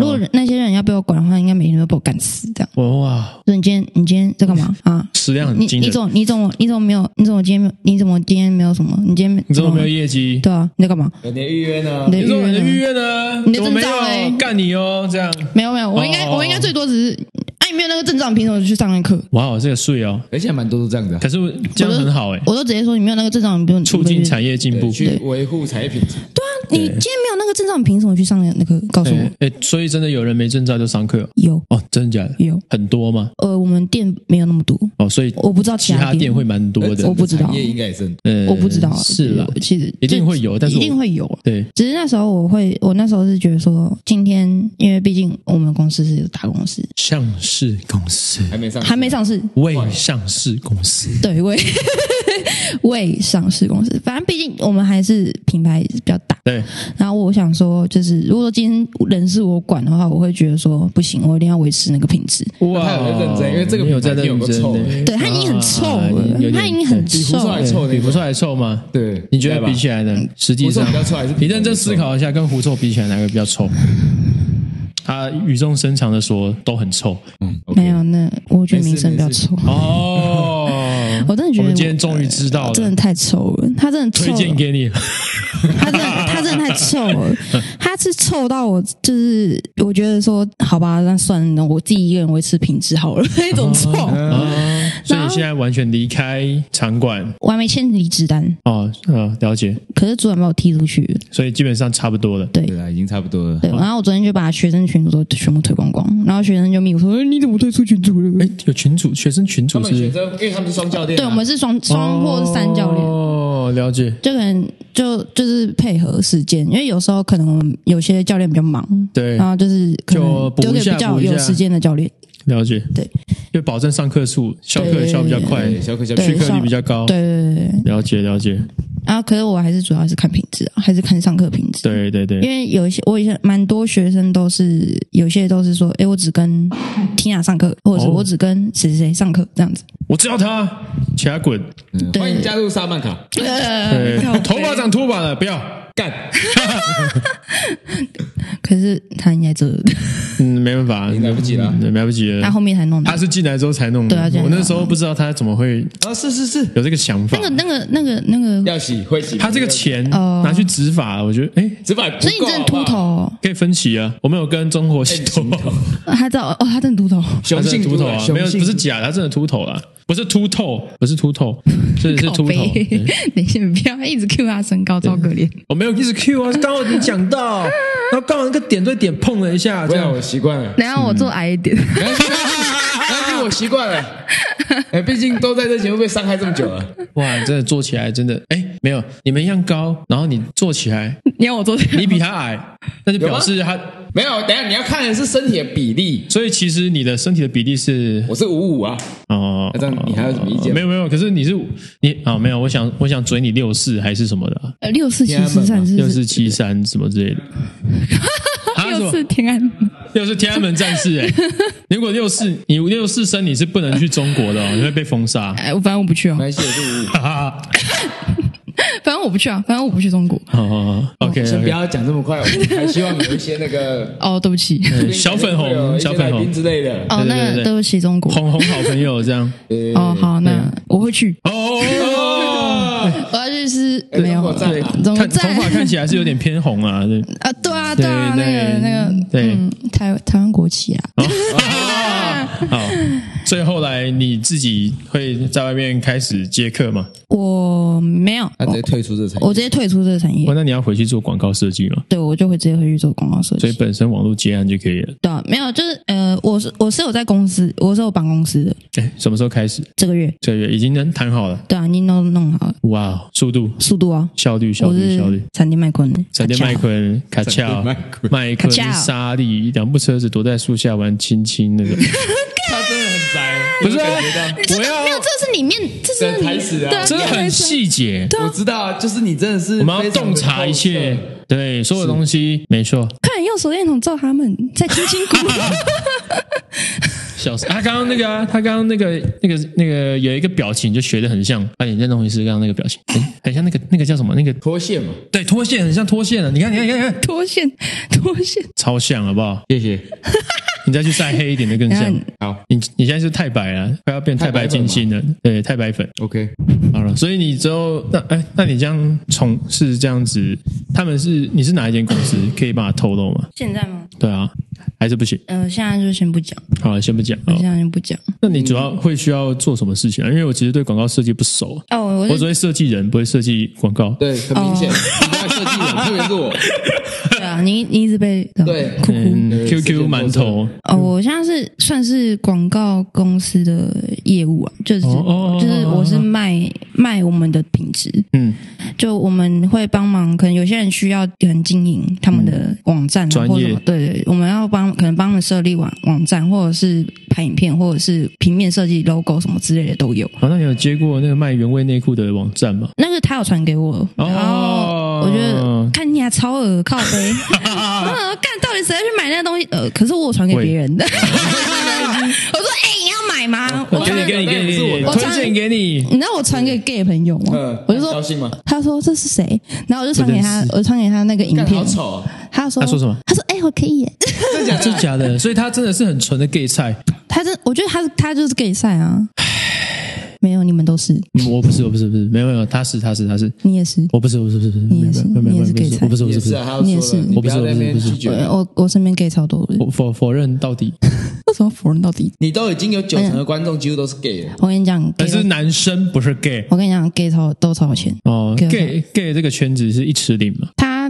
如果那些人要被我管的話，應該每天都被我幹死。這樣哇哇！所以你今天你今天在幹嘛啊？食量很驚人。你你總你總你總沒有你總我今天沒有。你怎麼今天沒有什麼？你今天你怎麼你沒有業績？對啊，你在幹嘛？我在預約呢。你在預約呢？你的證照呢？幹你哦，這樣沒有沒有，我應該、哦、我應該最多只是哎，啊、你沒有那個證照，憑什麼去上一課？哇、哦，我這個睡哦，而且還蠻多是這樣子、啊。可是講的很好哎，我都直接說你沒有那個證照，你不用促進產業進步，對對去維護產業品質。對、啊。你今天沒有那個證照，你憑什麼去上那個？告訴我。哎，所以真的有人沒證照就上課？有哦。真的假的？有很多嗎？呃，我們店沒有那麼多哦，所以我不知道其他店會蠻多的。我不知道，應該也是很多。我不知道，是啦，其實一定會有，但是一定會有。對，只是那時候我會，我那時候是覺得說，今天因為畢竟我們公司是有大公司，上市公司還沒上，還沒上市，未上市公司。對，未未上市公司。反正畢竟我們還是品牌比較大。然後我想說，就是如果今天人是我管的話，我會覺得說不行，我一定要維持那個品質。哇，認真，因為這個沒有在認真。對，他已經很臭了，他已經很臭了。比狐臭還臭，比狐臭還臭嗎？對，你覺得比起來呢？實際上，臭你認真思考一下，跟狐臭比起來，哪個比較臭？他語重心長的說，都很臭。嗯，沒有，那我覺得名聲比較臭。哦。我真的覺得我的，我今天終於知道了，真的太臭了。他真的臭了推薦給你，他真他真的太臭了，他 [LAUGHS] 是臭到我，就是我覺得說，好吧，那算了，我自己一個人維持品質好了，那種臭。Uh huh. uh huh. 所以你現在完全離開場館，我還沒簽離職單哦。呃、嗯、了解。可是主管把我踢出去了，所以基本上差不多了。對啊，已經差不多了。對，然後我昨天就把學生群組都全部推光光，然後學生就問我說：“哎、欸，你怎麼退出群組了？”哎、欸，有群組，學生群組是學生，因為他們是雙教練、啊。對，我們是雙雙或是三教練。哦，了解。就可能。就就是配合時間，因為有時候可能有些教練比較忙，對，然後就是可能就留給比較有時間的教練。了解，對，因為保證上課數，消課消比較快，消課消。對，課率比較高，對，對，對了，了解了解。啊！可是我還是主要是看品質啊，還是看上課品質。對對對，因為有一些我以前蠻多學生都是，有些都是說，誒，我只跟緹娜上課，或者是我只跟誰、oh. 誰誰上課這樣子。我知道他，其他滾。對歡迎加入薩曼卡。對 yeah, okay. 頭髮長，禿髮了，不要。幹！可是他應該這……嗯，沒辦法，來不及了，來不及了。他後面才弄的。他是進來之後才弄的。對啊，我那時候不知道他怎麼會……啊，是是是有這個想法。那個那個那個那個要洗會洗，他這個錢哦，拿去植髮，我覺得哎，植髮不夠。所以你真的禿頭，可以分期啊。我沒有跟中合洗頭，他知道哦，他真的禿頭，雄性禿頭啊，沒有不是假的，他真的禿頭了，不是禿頭，不是禿頭，是是禿頭。你先不要一直 Q 他身高，照個臉。我們。沒有一直、這個、Q 啊，剛剛已經講到，然後剛好一個點對點碰了一下，要這樣我習慣了。能讓我坐矮一點、嗯，這樣我習慣了。哎、欸，畢竟都在這節目被傷害這麼久了，哇，真的坐起來真的，哎、欸，沒有，你們一樣高，然後你坐起來，你讓我坐，你比他矮，那就表示他有沒有。等下你要看的是身體的比例，所以其實你的身體的比例是，我是五五啊，哦，那這樣你還有什麼意見、哦？沒有沒有，可是你是你啊、哦，沒有，我想我想嘴你六四還是什麼的、啊，呃、嗯，六四七四三是是，六四七三什麼之類的。對對對又是天安，又是天安門戰士哎、欸！ [LAUGHS] 如果六四你六四生，你是不能去中國的哦、喔，你會被封殺。哎，我反正我不去哦、喔，沒事，哈哈，哈。反正我不去啊，反正我不去中國。好好好 OK，OK，先不要講這麼快，我還希望有一些那個…… [LAUGHS] 哦，對不起對，小粉紅、小粉紅之類的。哦，那對不起，中國。紅紅好朋友這樣。對對對對哦，好，那我會去。 [LAUGHS] 哦。 [LAUGHS] 哎就是沒有對，他頭髮看起來是有點偏紅啊，對啊，對啊，對，對啊，那個、那個、對，嗯、台灣台灣國旗啊。所以後來你自己會在外面開始接客嗎？我沒有，直接退出這產，我直接退出這個產業。那你要回去做廣告設計嗎？對，我就會直接回去做廣告設計。所以本身網絡接案就可以了。對，沒有，就是呃，我是我是有在公司，我是有辦公司的。哎，什麼時候開始？這個月，這個月已經能談好了。對啊，你都弄好了。哇，速度，速度啊，效率，效率，效率。閃電麥昆，閃電麥昆，卡恰，麥昆沙利，兩部車子躲在樹下玩親親那個。不是感覺到，沒有，這是裡面，這是對，真的很細節。我知道，就是你真的是我們要洞察一切，對所有東西，沒錯。看，用手電筒照他們，在卿卿我我。笑死，他剛剛那個，他剛剛那個，那個，那個有一個表情，就學得很像，把一件東西是剛剛那個表情，很像那個那個叫什麼？那個脫線嘛？對，脫線，很像脫線啊。你看，你看，你看，脫線，脫線，超像好不好？謝謝。你再去曬黑一點的更像。好，你你現在是太白了，快要變太白金星了。對，太白粉。OK，好了，所以你之後那哎，那你這樣從是這樣子，他們是你是哪一間公司？可以把它透露嗎？現在嗎？對啊，還是不行。呃，現在就先不講。好，先不講。現在先不講。那你主要會需要做什麼事情啊？因為我其實對廣告設計不熟。哦，我我只會設計人，不會設計廣告。對，很明顯，只會設計人，特別是我。你你一直被對哭哭、嗯、Q Q 滿頭。哦，我現在是算是廣告公司的業務啊，就是就是我是賣賣我們的品質，嗯，就我們會幫忙，可能有些人需要很經營他們的網站、啊，對對、嗯、對，我們要幫可能幫他們設立網網站，或者是拍影片，或者是平面設計 LOGO 什麼之類的都有。好像、哦、有接過那個賣原味內褲的網站嗎？那個他有傳給我哦，哦。我覺得看起來超靠杯。嗯，看到底誰要去買那個東西？呃，可是我有傳給別人的。我說：“哎，你要買嗎？”我推薦給你，我傳給你。你知道我傳給 gay 朋友嗎？我就說，他說這是誰？然後我就傳給他，我傳給他那個影片，好醜啊。他說他說什麼？他說：“哎，我可以耶。”真假，真的假的，所以他真的是很純的 gay 菜。他真，我覺得他他就是 gay 菜啊。沒有，你們都是。我不是，我不是，不是，沒有，沒有，他是，他是，他是。你也是。我不是，不是，不是，你也是，你也是 gay。我不是，我不是，你也是。我不是，我不是，我不是。我我身邊 gay 超多的。否否否認到底？為什麼否認到底？你都已經有九成的觀眾幾乎都是 gay 了。我跟你講，但是男生不是 gay。我跟你講，gay 超都超有錢。哦，gay gay 這個圈子是一尺零嘛？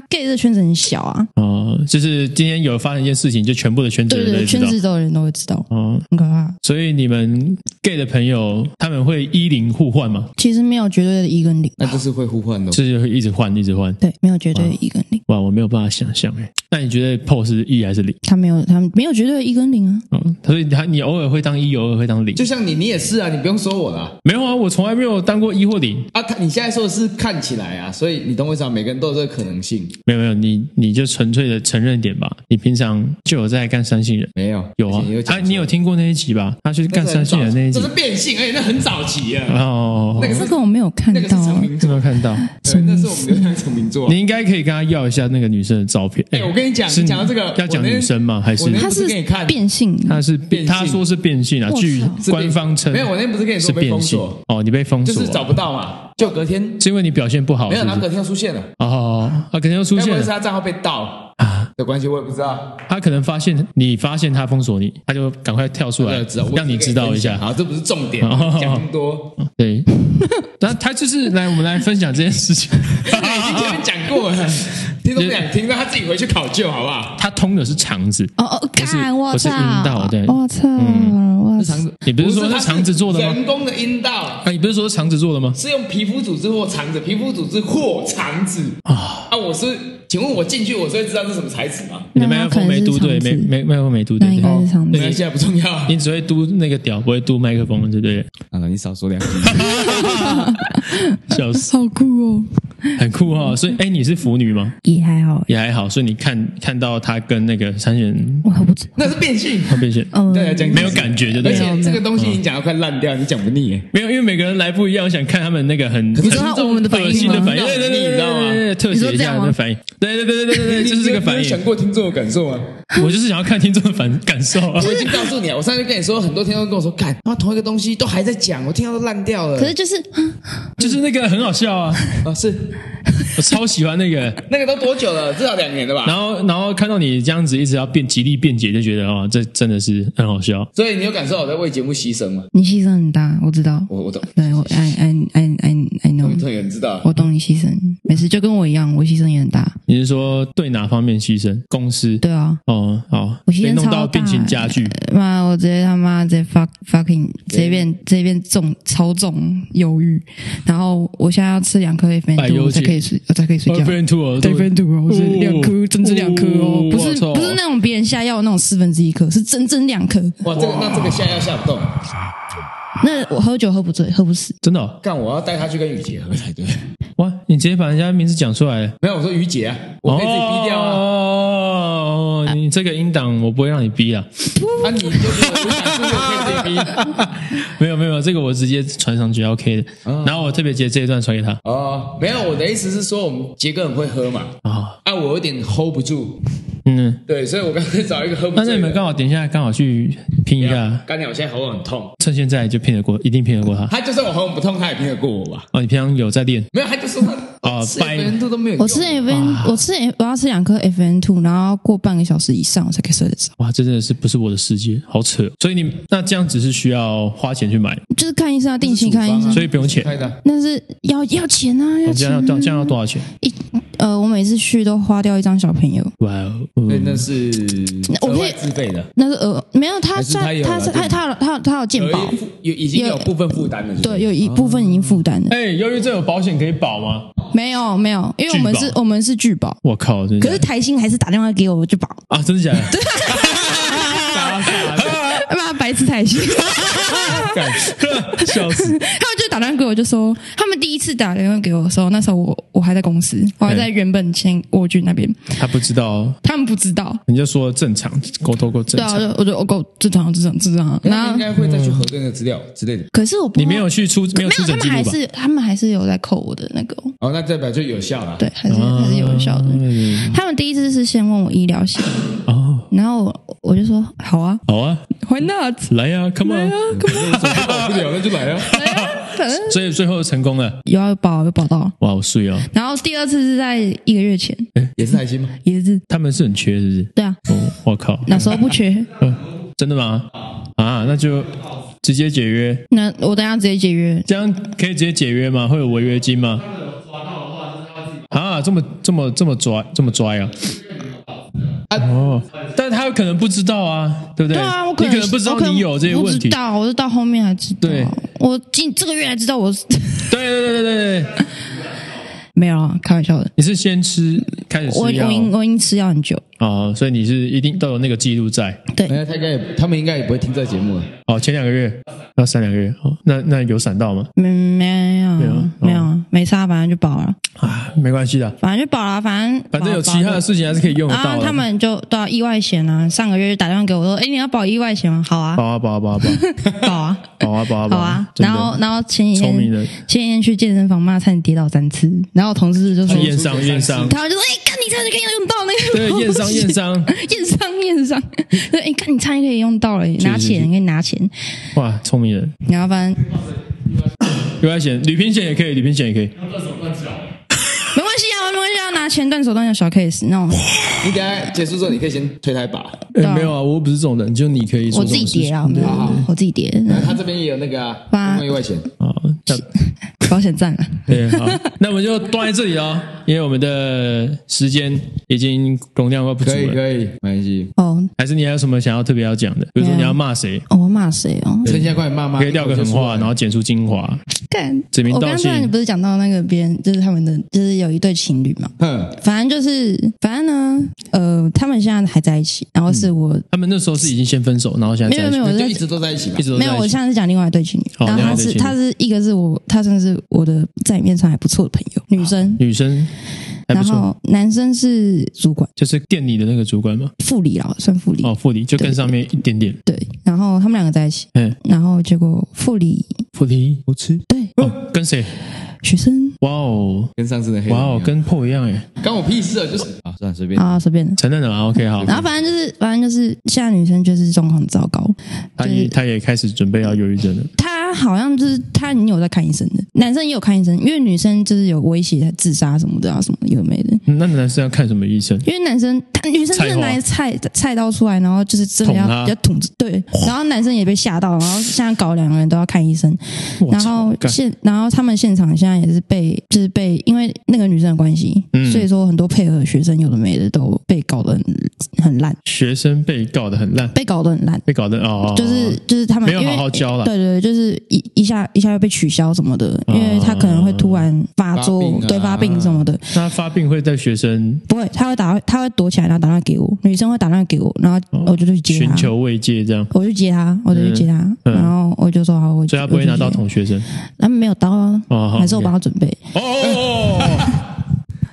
gay 的圈子很小啊，啊、嗯，就是今天有發生一件事情，就全部的圈子對，對對，圈子都有人都會知道啊，嗯、很可怕。所以你們 gay 的朋友他們會一零互換嗎？其實沒有絕對的一跟零，啊，那就是會互換的，就是會一直換，一直換。對，沒有絕對的一跟零。哇，我沒有辦法想象哎，欸。那你覺得 pose 是一還是零？他沒有，他們沒有絕對的一跟零啊。嗯，所以他你偶爾會當一，偶爾會當零。就像你，你也是啊，你不用說我啦，啊。沒有啊，我從來沒有當過一或零啊。他你現在說的是看起來啊，所以你懂我意思，每個人都有這個可能性。沒有沒有，你你就純粹的承認點吧。你平常就有在幹三性人？沒有有啊，哎、啊，你有聽過那一集吧？他去幹三性人那一集，是這是變性而，而且那很早期啊。哦，哦，哦，哦，哦，那個我我沒有看到，沒有看到，真的是我們的成名作。你應該可以跟他要一下那個女生的照片。哎，我跟你講，講這個要講女生嗎？還是他是變性？他是變，他說是變性啊，性據官方稱沒有。我那天不是跟你說是變性？哦，你被封鎖、啊，就是找不到嘛、啊。就隔天，是因為你表現不好是不是，沒有？那隔天又出現了。哦,哦,哦，他可能又出現了。可能是他賬號被盜啊的關係，我也不知道。他可能發現你發現他封鎖你，他就趕快跳出來，讓你知道一下。好，這不是重點，哦哦哦哦講這麼多對。那他就是 [LAUGHS] 來，我們來分享這件事情， [LAUGHS] 他已經這講過了。 [LAUGHS] 聽不懂，聽到他自己回去考究好不好？他通的是腸子哦哦，不是，不是陰道對，我操，嗯，是你不是說是腸子做的嗎？人工的陰道，那你不是說是腸子做的嗎？是用皮膚組織或腸子，皮膚組織或腸子啊啊！我是，請問我進去，我就會知道是什麼材質嗎？你的麥克風沒嘟對，沒沒麥克風沒嘟對，應該是腸子，對，現在不重要，你只會嘟那個屌，不會嘟麥克風，對不對？啊，你少說兩句，小好酷哦。很酷哈，所以哎，你是腐女嗎？也還好，也還好。所以你看，看到他跟那個三選，我那是變性，變性，對啊，沒有感覺，對對對。而且這個東西你講得快爛掉，你講不膩。沒有，因為每個人來不一樣，我想看他們那個很很噁心的反應，對對對，特寫一下的反應，對對對對對對，就是這個反應。你想過聽眾的感受嗎？我就是想要看聽眾的反感受。我已經告訴你了，我上次跟你說，很多聽眾跟我說，看啊，同一個東西都還在講，我聽到都爛掉了。可是就是就是那個很好笑啊啊是。 [LAUGHS] 我超喜歡那個，那個都多久了？至少兩年了吧。然後，然後看到你這樣子一直要辯，極力辯解，就覺得哦，這真的是很好笑。所以你有感受我在為節目犧牲嗎？你犧牲很大，我知道，我我懂。對，I I I I I know。我懂你犧牲，沒事，就跟我一樣，我犧牲也很大。你是說對哪方面犧牲？公司？對啊，哦，好，我犧牲超大。媽，我直接他媽直接 fucking 這邊這邊重超重憂鬱，然後我現在要吃兩顆 FM2，我才可以睡，才可以睡覺。FM2，兩顆整整兩顆哦，不是不是那種別人下藥那種四分之一顆，是整整兩顆。哇，這那這個下藥下不動。那我喝酒喝不醉，喝不死。真的哦？幹！我要帶他去跟雨杰喝才對。哇！你直接把人家名字講出來。沒有，我說雨杰啊，我被自己逼掉啊。哦你這個音檔我不會讓你逼啊，啊你就是不想說我逼， [LAUGHS] 沒有沒有，這個我直接傳上去 OK 的，嗯、然後我特別截這一段傳給他。哦，沒有，我的意思是說我們杰哥很會喝嘛，啊，啊，我有點 hold 不住，嗯，對，所以我剛才找一個喝，但是你們剛好等一下，剛好去拼一下。剛才我現在喉嚨很痛，趁現在就拼得過，一定拼得過他。嗯、他就算我喉嚨不痛，他也拼得過我吧？哦，你平常有在練？沒有，他就是說我百。分 t、啊、都沒有。我吃 FN，我吃 F，我要吃兩顆 FN Two，然後過半個小時。以上才可以塞得上哇，這真的是不是我的世界，好扯。所以你那這樣子是需要花錢去買，就是看醫生啊，定期看醫生，所以不用錢。那是要要錢啊，要錢。這樣要多少錢？一呃，我每次去都花掉一張小朋友。哇，那那是我可以自備的自費的。那是呃，沒有他他他他有他有他有健保，有已經有部分負擔了。對，有一部分已經負擔了。哎，憂鬱症有保險可以保嗎？沒有沒有，因為我們是我們是拒保。我靠，可是台新還是打電話給我就保真的假的？對，哈哈哈哈哈！他白痴才行，哈哈哈哈哈！啊、笑死！他們就打電話給我，就說他們第一次打電話給我的時候，那時候我我還在公司，我還在原本簽沃局那邊、欸。他不知道，他們不知道，你就說正常，溝通過正常。對啊，就我就我夠正常，正常，正常。然那應該會再去核對那個資料之類的。嗯、可是我不你沒有去出，沒有，出沒有他們還是他們還是有在扣我的那個。哦，那代表就有效了。對，還是還是有效的。哦、他們第一次是先問我醫療險哦，然後。我就說好啊，好啊，Why not？來呀、啊，Come on，Come on，不了那就來呀、啊， [LAUGHS] 所以最後成功了，又要保又保到，哇，好帥啊、哦！然後第二次是在一個月前，哎、欸，也是台星嗎？也是，他們是很缺，是不是？對啊、哦，我靠，哪時候不缺，嗯， [LAUGHS] 真的嗎？啊那就直接解約，那我等下直接解約，這樣可以直接解約嗎？會有違約金嗎？啊，這麼這麼這麼拽，這麼拽啊！ [LAUGHS] 啊、哦，但是他有可能不知道啊，對不對？對啊，我可能，你可能不知道你有這些問題，道，我是到後面才知道。我近對這個月才知道我，我是，對對對對對， [LAUGHS] 沒有啊，開玩笑的。你是先吃開始吃、哦，我我我已經吃藥很久。啊，所以你是一定都有那個記錄在。對。他應該他們應該也不會聽這節目了。哦，前兩個月，那三兩個月，哦，那那有閃到嗎？嗯，沒有，沒有，沒有啊，沒差，反正就保了。啊，沒關係的，反正就保了，反正反正有其他的事情還是可以用得到。然後他們就都要意外險啊，上個月就打電話給我說，哎，你要保意外險嗎？好啊，保啊，保啊，保啊，保啊，保啊，保啊，保啊，然後然後前幾天前幾天去健身房嘛，差點跌倒三次，然後同事就說，驗傷驗傷，他們就說，哎，看你差點就要用到那個，對，驗傷。驗傷，驗傷，驗傷。對，看你差也可以用到嘞，拿錢你可以拿錢。哇，聰明人。你要不然。意外險，旅行險也可以，旅行險也可以。二沒關係啊，沒關係，要拿錢斷手斷腳小 case 那種。應該結束之後，你可以先推他一把。沒有啊，我不是這種人，就你可以。我自己疊啊，我自己疊。他這邊也有那個啊，送一塊錢啊。保險站啊。對，好，那我們就端在這裡哦。因為我們的時間已經容量快不足了。可以可以，沒關係。哦，還是你還有什麼想要特別要講的？比如說你要罵誰？我罵誰哦？趁現在快罵罵。可以撂個狠話，然後剪出精華。幹！我剛你不是講到那個邊，就是他們的，就是有一對情侶嘛。嗯。反正就是，反正呢，呃，他們現在還在一起。然後是我。他們那時候是已經先分手，然後現在沒有沒有，就一直都在一起嘛。沒有，我現在是講另外一對情侶，然後他是他是一個是我，他算是我的在你面上還不錯的朋友，女生，女生。然後男生是主管，就是店裡的那個主管嘛。副理啦，算副理哦？副理就跟上面一點點。對，然後他們兩個在一起，嗯，然後結果副理副理不吃，對，跟誰？學生。哇哦，跟上次的黑哇哦跟破一樣耶。關我屁事啊，就是啊，算了，隨便啊，隨便承認了啊，OK 好。然後反正就是，反正就是現在女生就是狀況很糟糕，她也她也開始準備要憂鬱症了。好像就是他，你有在看醫生的男生也有看醫生因為女生就是有威脅他自殺什麼的啊，什麼有的沒的、嗯。那男生要看什麼醫生？因為男生他女生拿菜菜刀出來，然後就是真的要要捅，他捅，對，然後男生也被嚇到，然後現在搞兩個人都要看醫生。 [LAUGHS] 然後塞現然後他們現場現在也是被就是被因為那個女生的關係，嗯、所以說很多配合學生有的沒的都被搞得很很爛。學生被搞得很爛，被搞得很爛，被搞得哦，就是就是他們沒有好好教了，對對，對，就是。一一下一下又被取消什麼的，因為他可能會突然發作，對發、啊、發病什麼的。他發病會在學生？不會，他會打，他會躲起來，然後打電話給我。女生會打電話給我，然後我就去接他。尋、哦、求慰藉這樣，我就接他，我就去接他，嗯、然後我就說好，我。所以，他不會拿刀捅學生。他們、啊、沒有刀、啊，哦、還是我幫他準備。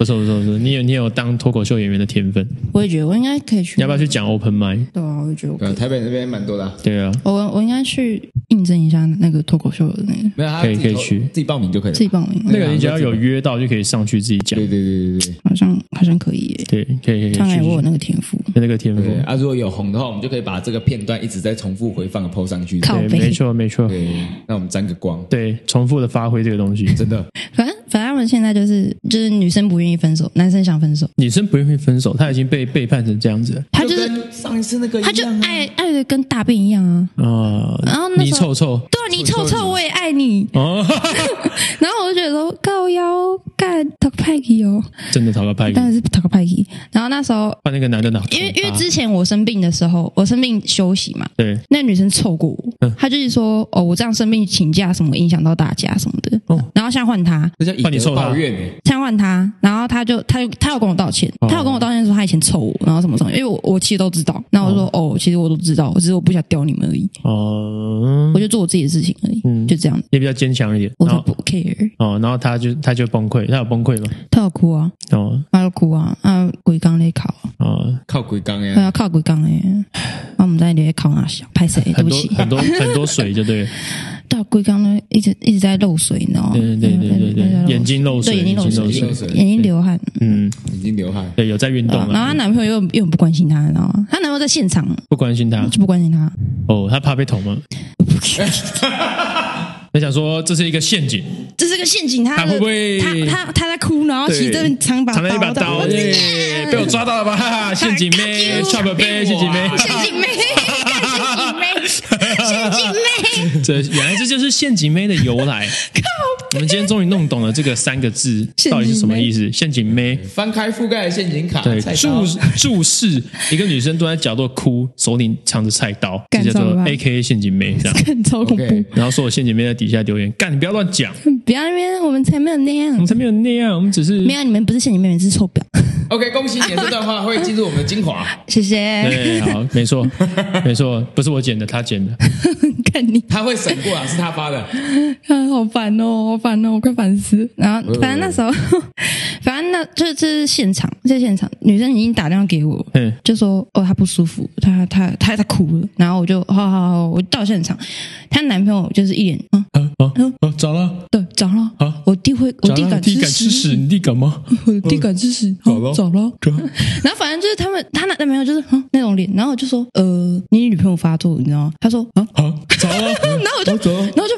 不錯是不錯，是不是？是你有你有當脫口秀演員的天分？我也覺得我應該可以去。你要不要去講 open mic？對啊，我也覺得我。台北那邊蠻多的、啊。對啊。我我應該去印證一下那個脫口秀的那個。沒有，可以可以去，自己報名就可以了。自己報名、啊。那個人只要有約到，就可以上去自己講。對，對對對對對。好像好像可以、欸。對，可以，可以，可以去去。看來我有那個天賦，那個天賦啊，如果有紅的話，我們就可以把這個片段一直在重複回放，Po 上去。對，對沒錯沒錯。對，那我們沾個光。對，重複的發揮這個東西，真的。反正反正我們現在就是就是女生不願意分手，男生想分手。女生不願意分手，她已經被背叛成這樣子，她就是就上一次那個，她就愛愛的跟大便一樣啊。樣啊。呃、然後那你臭臭。對、啊，你臭臭，我也愛你。哦。 [LAUGHS] 然後我就覺得說。要哦！真的桃膠派對，當然是桃膠派對。然後那時候換那個男的腦，因為因為之前我生病的時候，我生病休息嘛，對，那女生臭過我，他就是說哦，我這樣生病請假什麼影響到大家什麼的，哦，然後現在換他，換你臭他，現在換他，然後他就他就他要跟我道歉，他要跟我道歉的時候，他以前臭我，然後什麼什麼，因為我我其實都知道，那我說哦，其實我都知道，我只是我不想丟你們而已，哦，我就做我自己的事情而已，嗯，就這樣子，也比較堅強一點，我就不 care 哦，然後他就。他就崩潰，他有崩潰嗎？他有哭啊，哦，他有哭啊，啊，鬼缸裡靠，哦，靠鬼缸耶，他要靠龜缸耶，我們在那裡靠哪下？拍水，對不起，很多很多水就對，對龜缸呢一直一直在漏水，你知道嗎？對對對對，眼睛漏水，對，眼睛漏水，眼睛漏水，眼睛流汗，嗯，眼睛流汗，對，有在運動，然後她男朋友又又很不關心她，然後她男朋友在現場，不關心她，就不關心她，哦，她怕被捅嗎？他想說這是一個陷阱，這是個陷阱，他會不會他他他在哭，然後其實藏把藏了一把刀，被我抓到了吧，陷阱妹，trap 妹，陷阱妹，陷阱妹，陷阱妹，陷阱妹，這原來這就是陷阱妹的由來。 [LAUGHS] 我們今天終於弄懂了這個三個字到底是什麼意思？陷阱妹，陷阱妹翻開覆蓋的陷阱卡，注注視一個女生蹲在角落哭，手裡藏着菜刀，就叫做 A.K.A 陷阱妹這樣，很超恐怖。Okay. 然後所有陷阱妹在底下留言，幹，你不要亂講，不要因為我們才沒有那樣，我們才沒有那樣，我們只是沒有你們不是陷阱妹，妹，你們是臭婊。OK，恭喜你這段話會進入我們的精華。謝謝。對，好，沒錯，沒錯，不是我剪的，他剪的。看你。他會審過啊，是他發的。嗯，好煩哦，好煩哦，我快煩死。然後，反正那時候，對對對對，反正那這、就是現場，在現場，女生已經打電話給我，嗯對，就說哦，她不舒服，她她她她哭了。然後我就、哦、好好好，我到現場，她男朋友就是一臉嗯嗯嗯嗯，咋了？對，咋了？啊，我弟會，我弟敢吃屎，你，敢吃屎，你弟敢嗎？我弟敢吃屎，好了？走了，然後反正就是他們，他男男朋友就是哼、嗯、那種臉，然後我就說呃，你女朋友發作你知道嗎？他說啊、嗯、啊，走、啊嗯、然後我就，我啊、然後我就，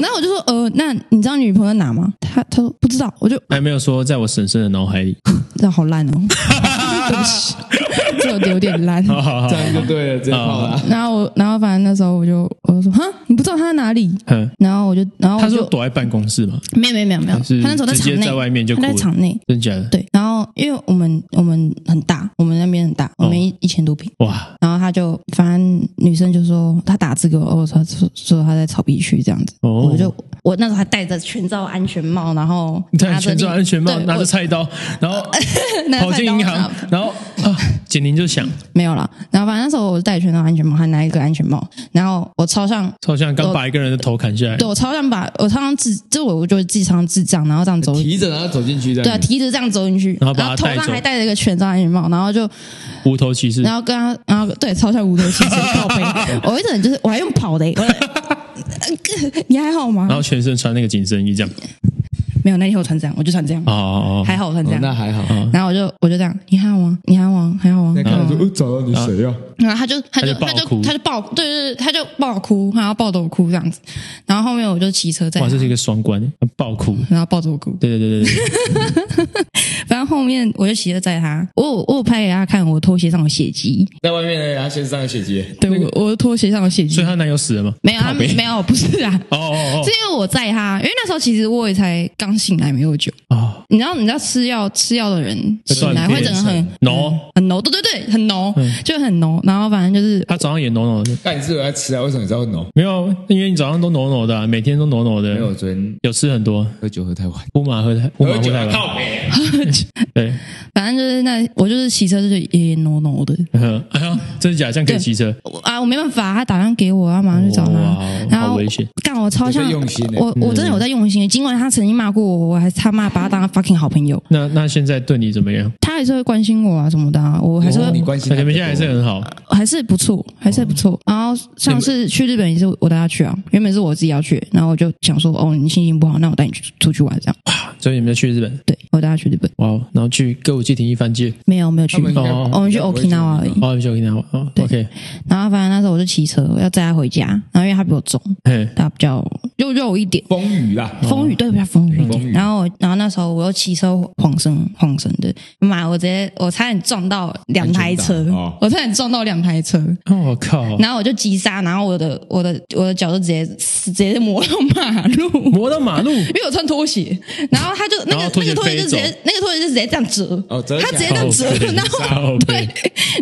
然後我就說呃，那你知道女朋友在哪嗎？他他說不知道，我就還沒有說在我嬸嬸的腦海裡，這樣好爛哦。 [LAUGHS] 就 [LAUGHS] 有，有點爛，oh, oh, oh, oh, 這樣就對了，這樣好了。然後我，然後反正那時候我就，我就說，哈，你不知道他在哪裡？ [LAUGHS] 然後我就，然後他說躲在辦公室嘛，沒有，沒有，沒有，他能是躲在場直接在外面就他在場內，真的，假的？對，然後因為我們我們很大，我們那邊很大，我們一一千、oh. 多平哇。然後他就，反正女生就說他打字給我，我說說他在草皮區這樣子，oh. 我就。我那時候還戴着全罩安全帽，然後戴着全罩安全帽，拿着菜刀，然後跑進銀行，然後啊，警鈴就響，沒有了。然後反正那時候我戴全罩安全帽，還拿一個安全帽，然後我超像超像剛把一個人的頭砍下來，對，我超像把我超像智，就我就是智商智障，然後這樣走，提着然後走進去的，對，提着這樣走進去，然後把頭上還戴着一個全罩安全帽，然後就無頭騎士，然後跟他，然後對，超像無頭騎士靠背。我一直很就是我還用跑的。 [LAUGHS] 你還好嗎？然後全身穿那個緊身衣這樣， [LAUGHS] 沒有，那天我穿這樣，我就穿這樣。哦哦哦，還好我穿這樣，哦、那還好、啊。然後我就我就這樣，你還好嗎？你還好嗎？還好啊。然後說找到你誰呀？啊、然後他就他就他就，他就，他，就他就抱，對，對對，他就抱我哭，還要抱着我哭這樣子。然後後面我就騎車在哪裡，哇，這是一個雙關，抱哭，然後抱着我哭，對對對對對。 [LAUGHS] 後面我就騎着載他，我我拍給他看，我拖鞋上的血跡，在外面呢，他先上血跡。對，我拖鞋上的血跡，所以她男友死了嗎？沒有，沒有，不是啊。哦哦是因為我載他，因為那時候其實我也才剛醒來沒有久哦。你知道，你知道吃藥吃藥的人醒來會整個很濃，很濃。對對對，很濃，就很濃。然後反正就是他早上也濃濃的，但你自己在吃啊，為什麼你知道很濃？沒有，因為你早上都濃濃的，每天都濃濃的。沒有，昨天有吃很多，喝酒喝太晚，不嘛喝太喝酒太晚。對，反正就是那我就是騎車就焉焉挪挪的。啊，這是誒誒假象，像可以騎車我啊！我沒辦法，他打算給我，啊馬上去找他。哇然後，幹我超像，用心欸、我我真的有在用心。儘管他曾經罵過我，我還是他罵，把他當個 fucking 好朋友。那那現在對你怎麼樣？他還是會關心我啊什麼的啊，我還是會、哦、關心他。你們現在還是很好，還是不錯，還是不錯。然後上次去日本也是我帶他去啊，原本是我自己要去，然後我就想說，哦，你心情不好，那我帶你去出去玩這樣。所以你們要去日本？對，我帶他去日本。哦，然後去歌舞伎町一番街。沒有，沒有去。哦，我們去 Okinawa 而已。好，去 Okinawa。啊，OK。然後反正那時候我就騎車，要載他回家。然後因為他比我重，他比較肉肉一點。風雨啊，風雨，對，比較風雨一點。然後，然後那時候我又騎車晃神，晃神的，媽，我直接，我差點撞到兩台車。哦，我差點撞到兩台車。我靠！然後我就急剎，然後我的我的我的腳就直接直接磨到馬路，磨到馬路，因為我穿拖鞋。然後。他就那個那個拖鞋就直接那個拖鞋就直接這樣折，他直接這樣折，然後對，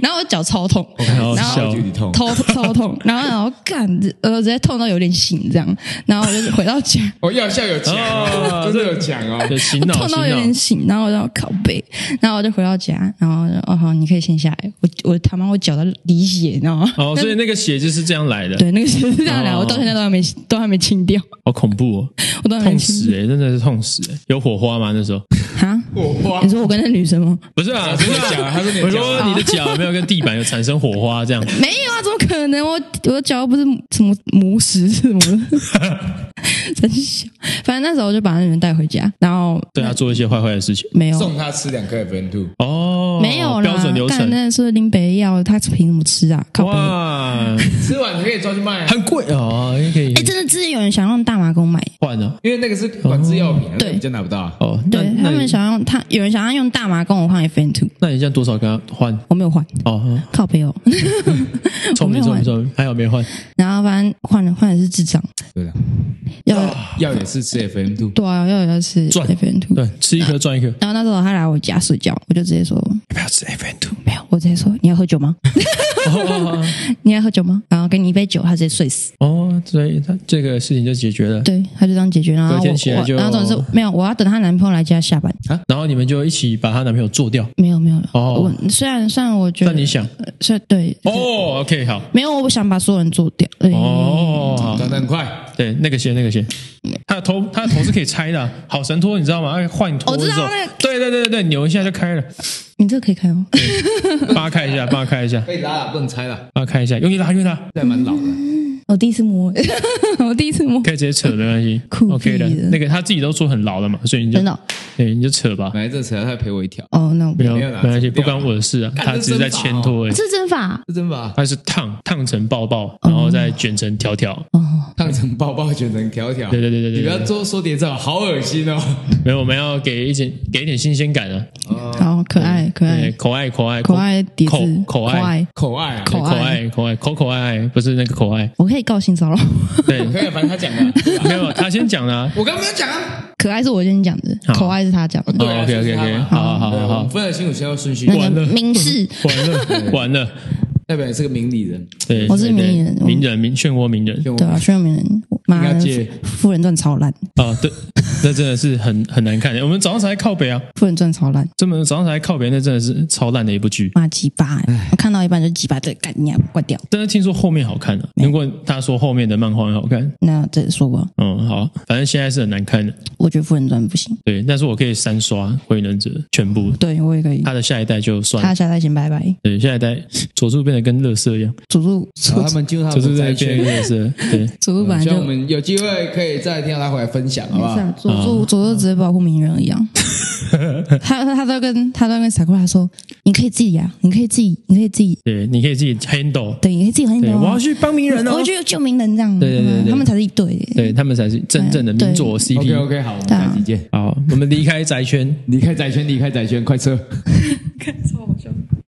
然後我腳超痛，然後腳痛超痛，然後然後幹，呃，直接痛到有點醒這樣，然後我就回到家，我藥效有講，真的有講哦，痛到有點醒，然後我靠背，然後我就回到家，然後哦好，你可以先下來，我我他媽我腳都滴血，你知道嗎？哦，所以那個血就是這樣來的，對，那個血是這樣來，我到現在都還沒都還沒清掉，好恐怖哦，我都很痛死哎，真的是痛死哎，有。火花嗎？那時候啊，蛤火花。你說我跟那女生嗎？不是啊，真的假？是你，的，啊是你的啊，說你的腳沒有跟地板有產生火花這樣？沒有啊，怎麼可能？我我的腳不是什麼磨石什麼的？ [LAUGHS] 真反正那時候我就把那女人帶回家，然後對她，啊，做一些壞壞的事情，沒有送她吃兩顆 FM2 哦。沒有啦，但那是林北的藥，他憑什麼吃啊？靠北，吃完你可以抓去賣，很貴哦，可以。哎，真的有人想用大麻公買，換啊，因為那個是管制藥品，對，你真拿不到哦。對他們想用他，有人想用大麻公，我換 FM two。那你現在多少跟他換？我沒有換，哦，靠北喔，我沒有換，還好沒換。然後反正換了，換了是智障，對的。要要也是吃 FM two，對啊，要也要吃 FM two，對，吃一顆賺一顆。然後那時候他來我家睡覺，我就直接說。不要吃 FM2，沒有，我直接說你要喝酒嗎？你要喝酒嗎？然後給你一杯酒，他直接睡死。哦，所以他這個事情就解決了。對，他就這樣解決了。然後然後總是沒有，我要等他男朋友來接她下班啊。然後你們就一起把他男朋友做掉。沒有，沒有，我雖然算，我覺得你想是，對哦，OK，好，沒有，我不想把所有人做掉。哦，長得很快，對，那個先，那個先。它的頭，它的頭是可以拆的，啊，好神拖！你知道嗎？換拖這種，對，哦，那個、對對對對，扭一下就開了。你這個可以開嗎？扒開一下，扒開一下，了一下可以拉，不能拆的。扒開一下，用力拉，用力拉。這還蠻牢的， [LAUGHS] 我第一次摸， [LAUGHS] 我第一次摸，可以，okay, 直接扯沒關係酷的東西。OK 的，那個他自己都說很牢了嘛，所以你就對，你就扯吧，買一扯，他要賠我一條哦。那沒有了，沒關係，不關我的事啊。他只是在牽拖而已。是真法，是真法，他是燙燙成包包，然後再捲成條條。燙成包包，捲成條條。對對對對，你不要多說疊字，好噁心哦。沒有，我們要給一點給一點新鮮感啊。好可愛可愛可愛可愛可愛疊字可愛可愛可愛可愛可愛可愛可愛，不是那個可愛。我可以高興死了。對，可以，反正他講了，沒有他先講的，我剛剛沒有講啊。可愛是我先講的，可愛是。他講，對，OK，OK，OK，好好好，好，分不清我需要順序。完了，名士，完了，完了，代表你是個名利人。對，我是名人，名人，名漩渦名人，對啊，漩渦名人。媽姐，博人傳超爛啊！對，那真的是很很難看，我們早上才靠北啊，博人傳超爛。這麼早上才靠北，那真的是超爛的一部劇。媽雞巴！我看到一半就雞巴，這趕緊關掉。但是聽說後面好看了，如果大家說後面的漫畫很好看，那再說吧。嗯，好，反正現在是很難看的。我覺得博人傳不行。對，但是我可以三刷《火影忍者》全部。對，我也可以。他的下一代就算了。他下一代先拜拜。對，下一代佐助變得跟樂色一樣。佐助，他們就是佐助在變樂色。對，佐助本來就。有機會可以在、啊、再聽到他回來分享，好不好？佐助，佐助只是保護鳴人而已、嗯嗯嗯嗯、 [LAUGHS] 他他都跟他都跟 Sakura 說：“你可以自己啊，你可以自己，你可以自己，對，你可以自己 handle，對，你可以自己 handle、啊。我要去幫鳴人哦，我要去救鳴人這樣。對，對對對，他們才是一對，欸、對，對他們才是真正的鳴佐 CP。OK OK，好，我們下期見啊、好，我們離開宅圈，離開宅圈，離開宅圈，快撤！看錯吧，小。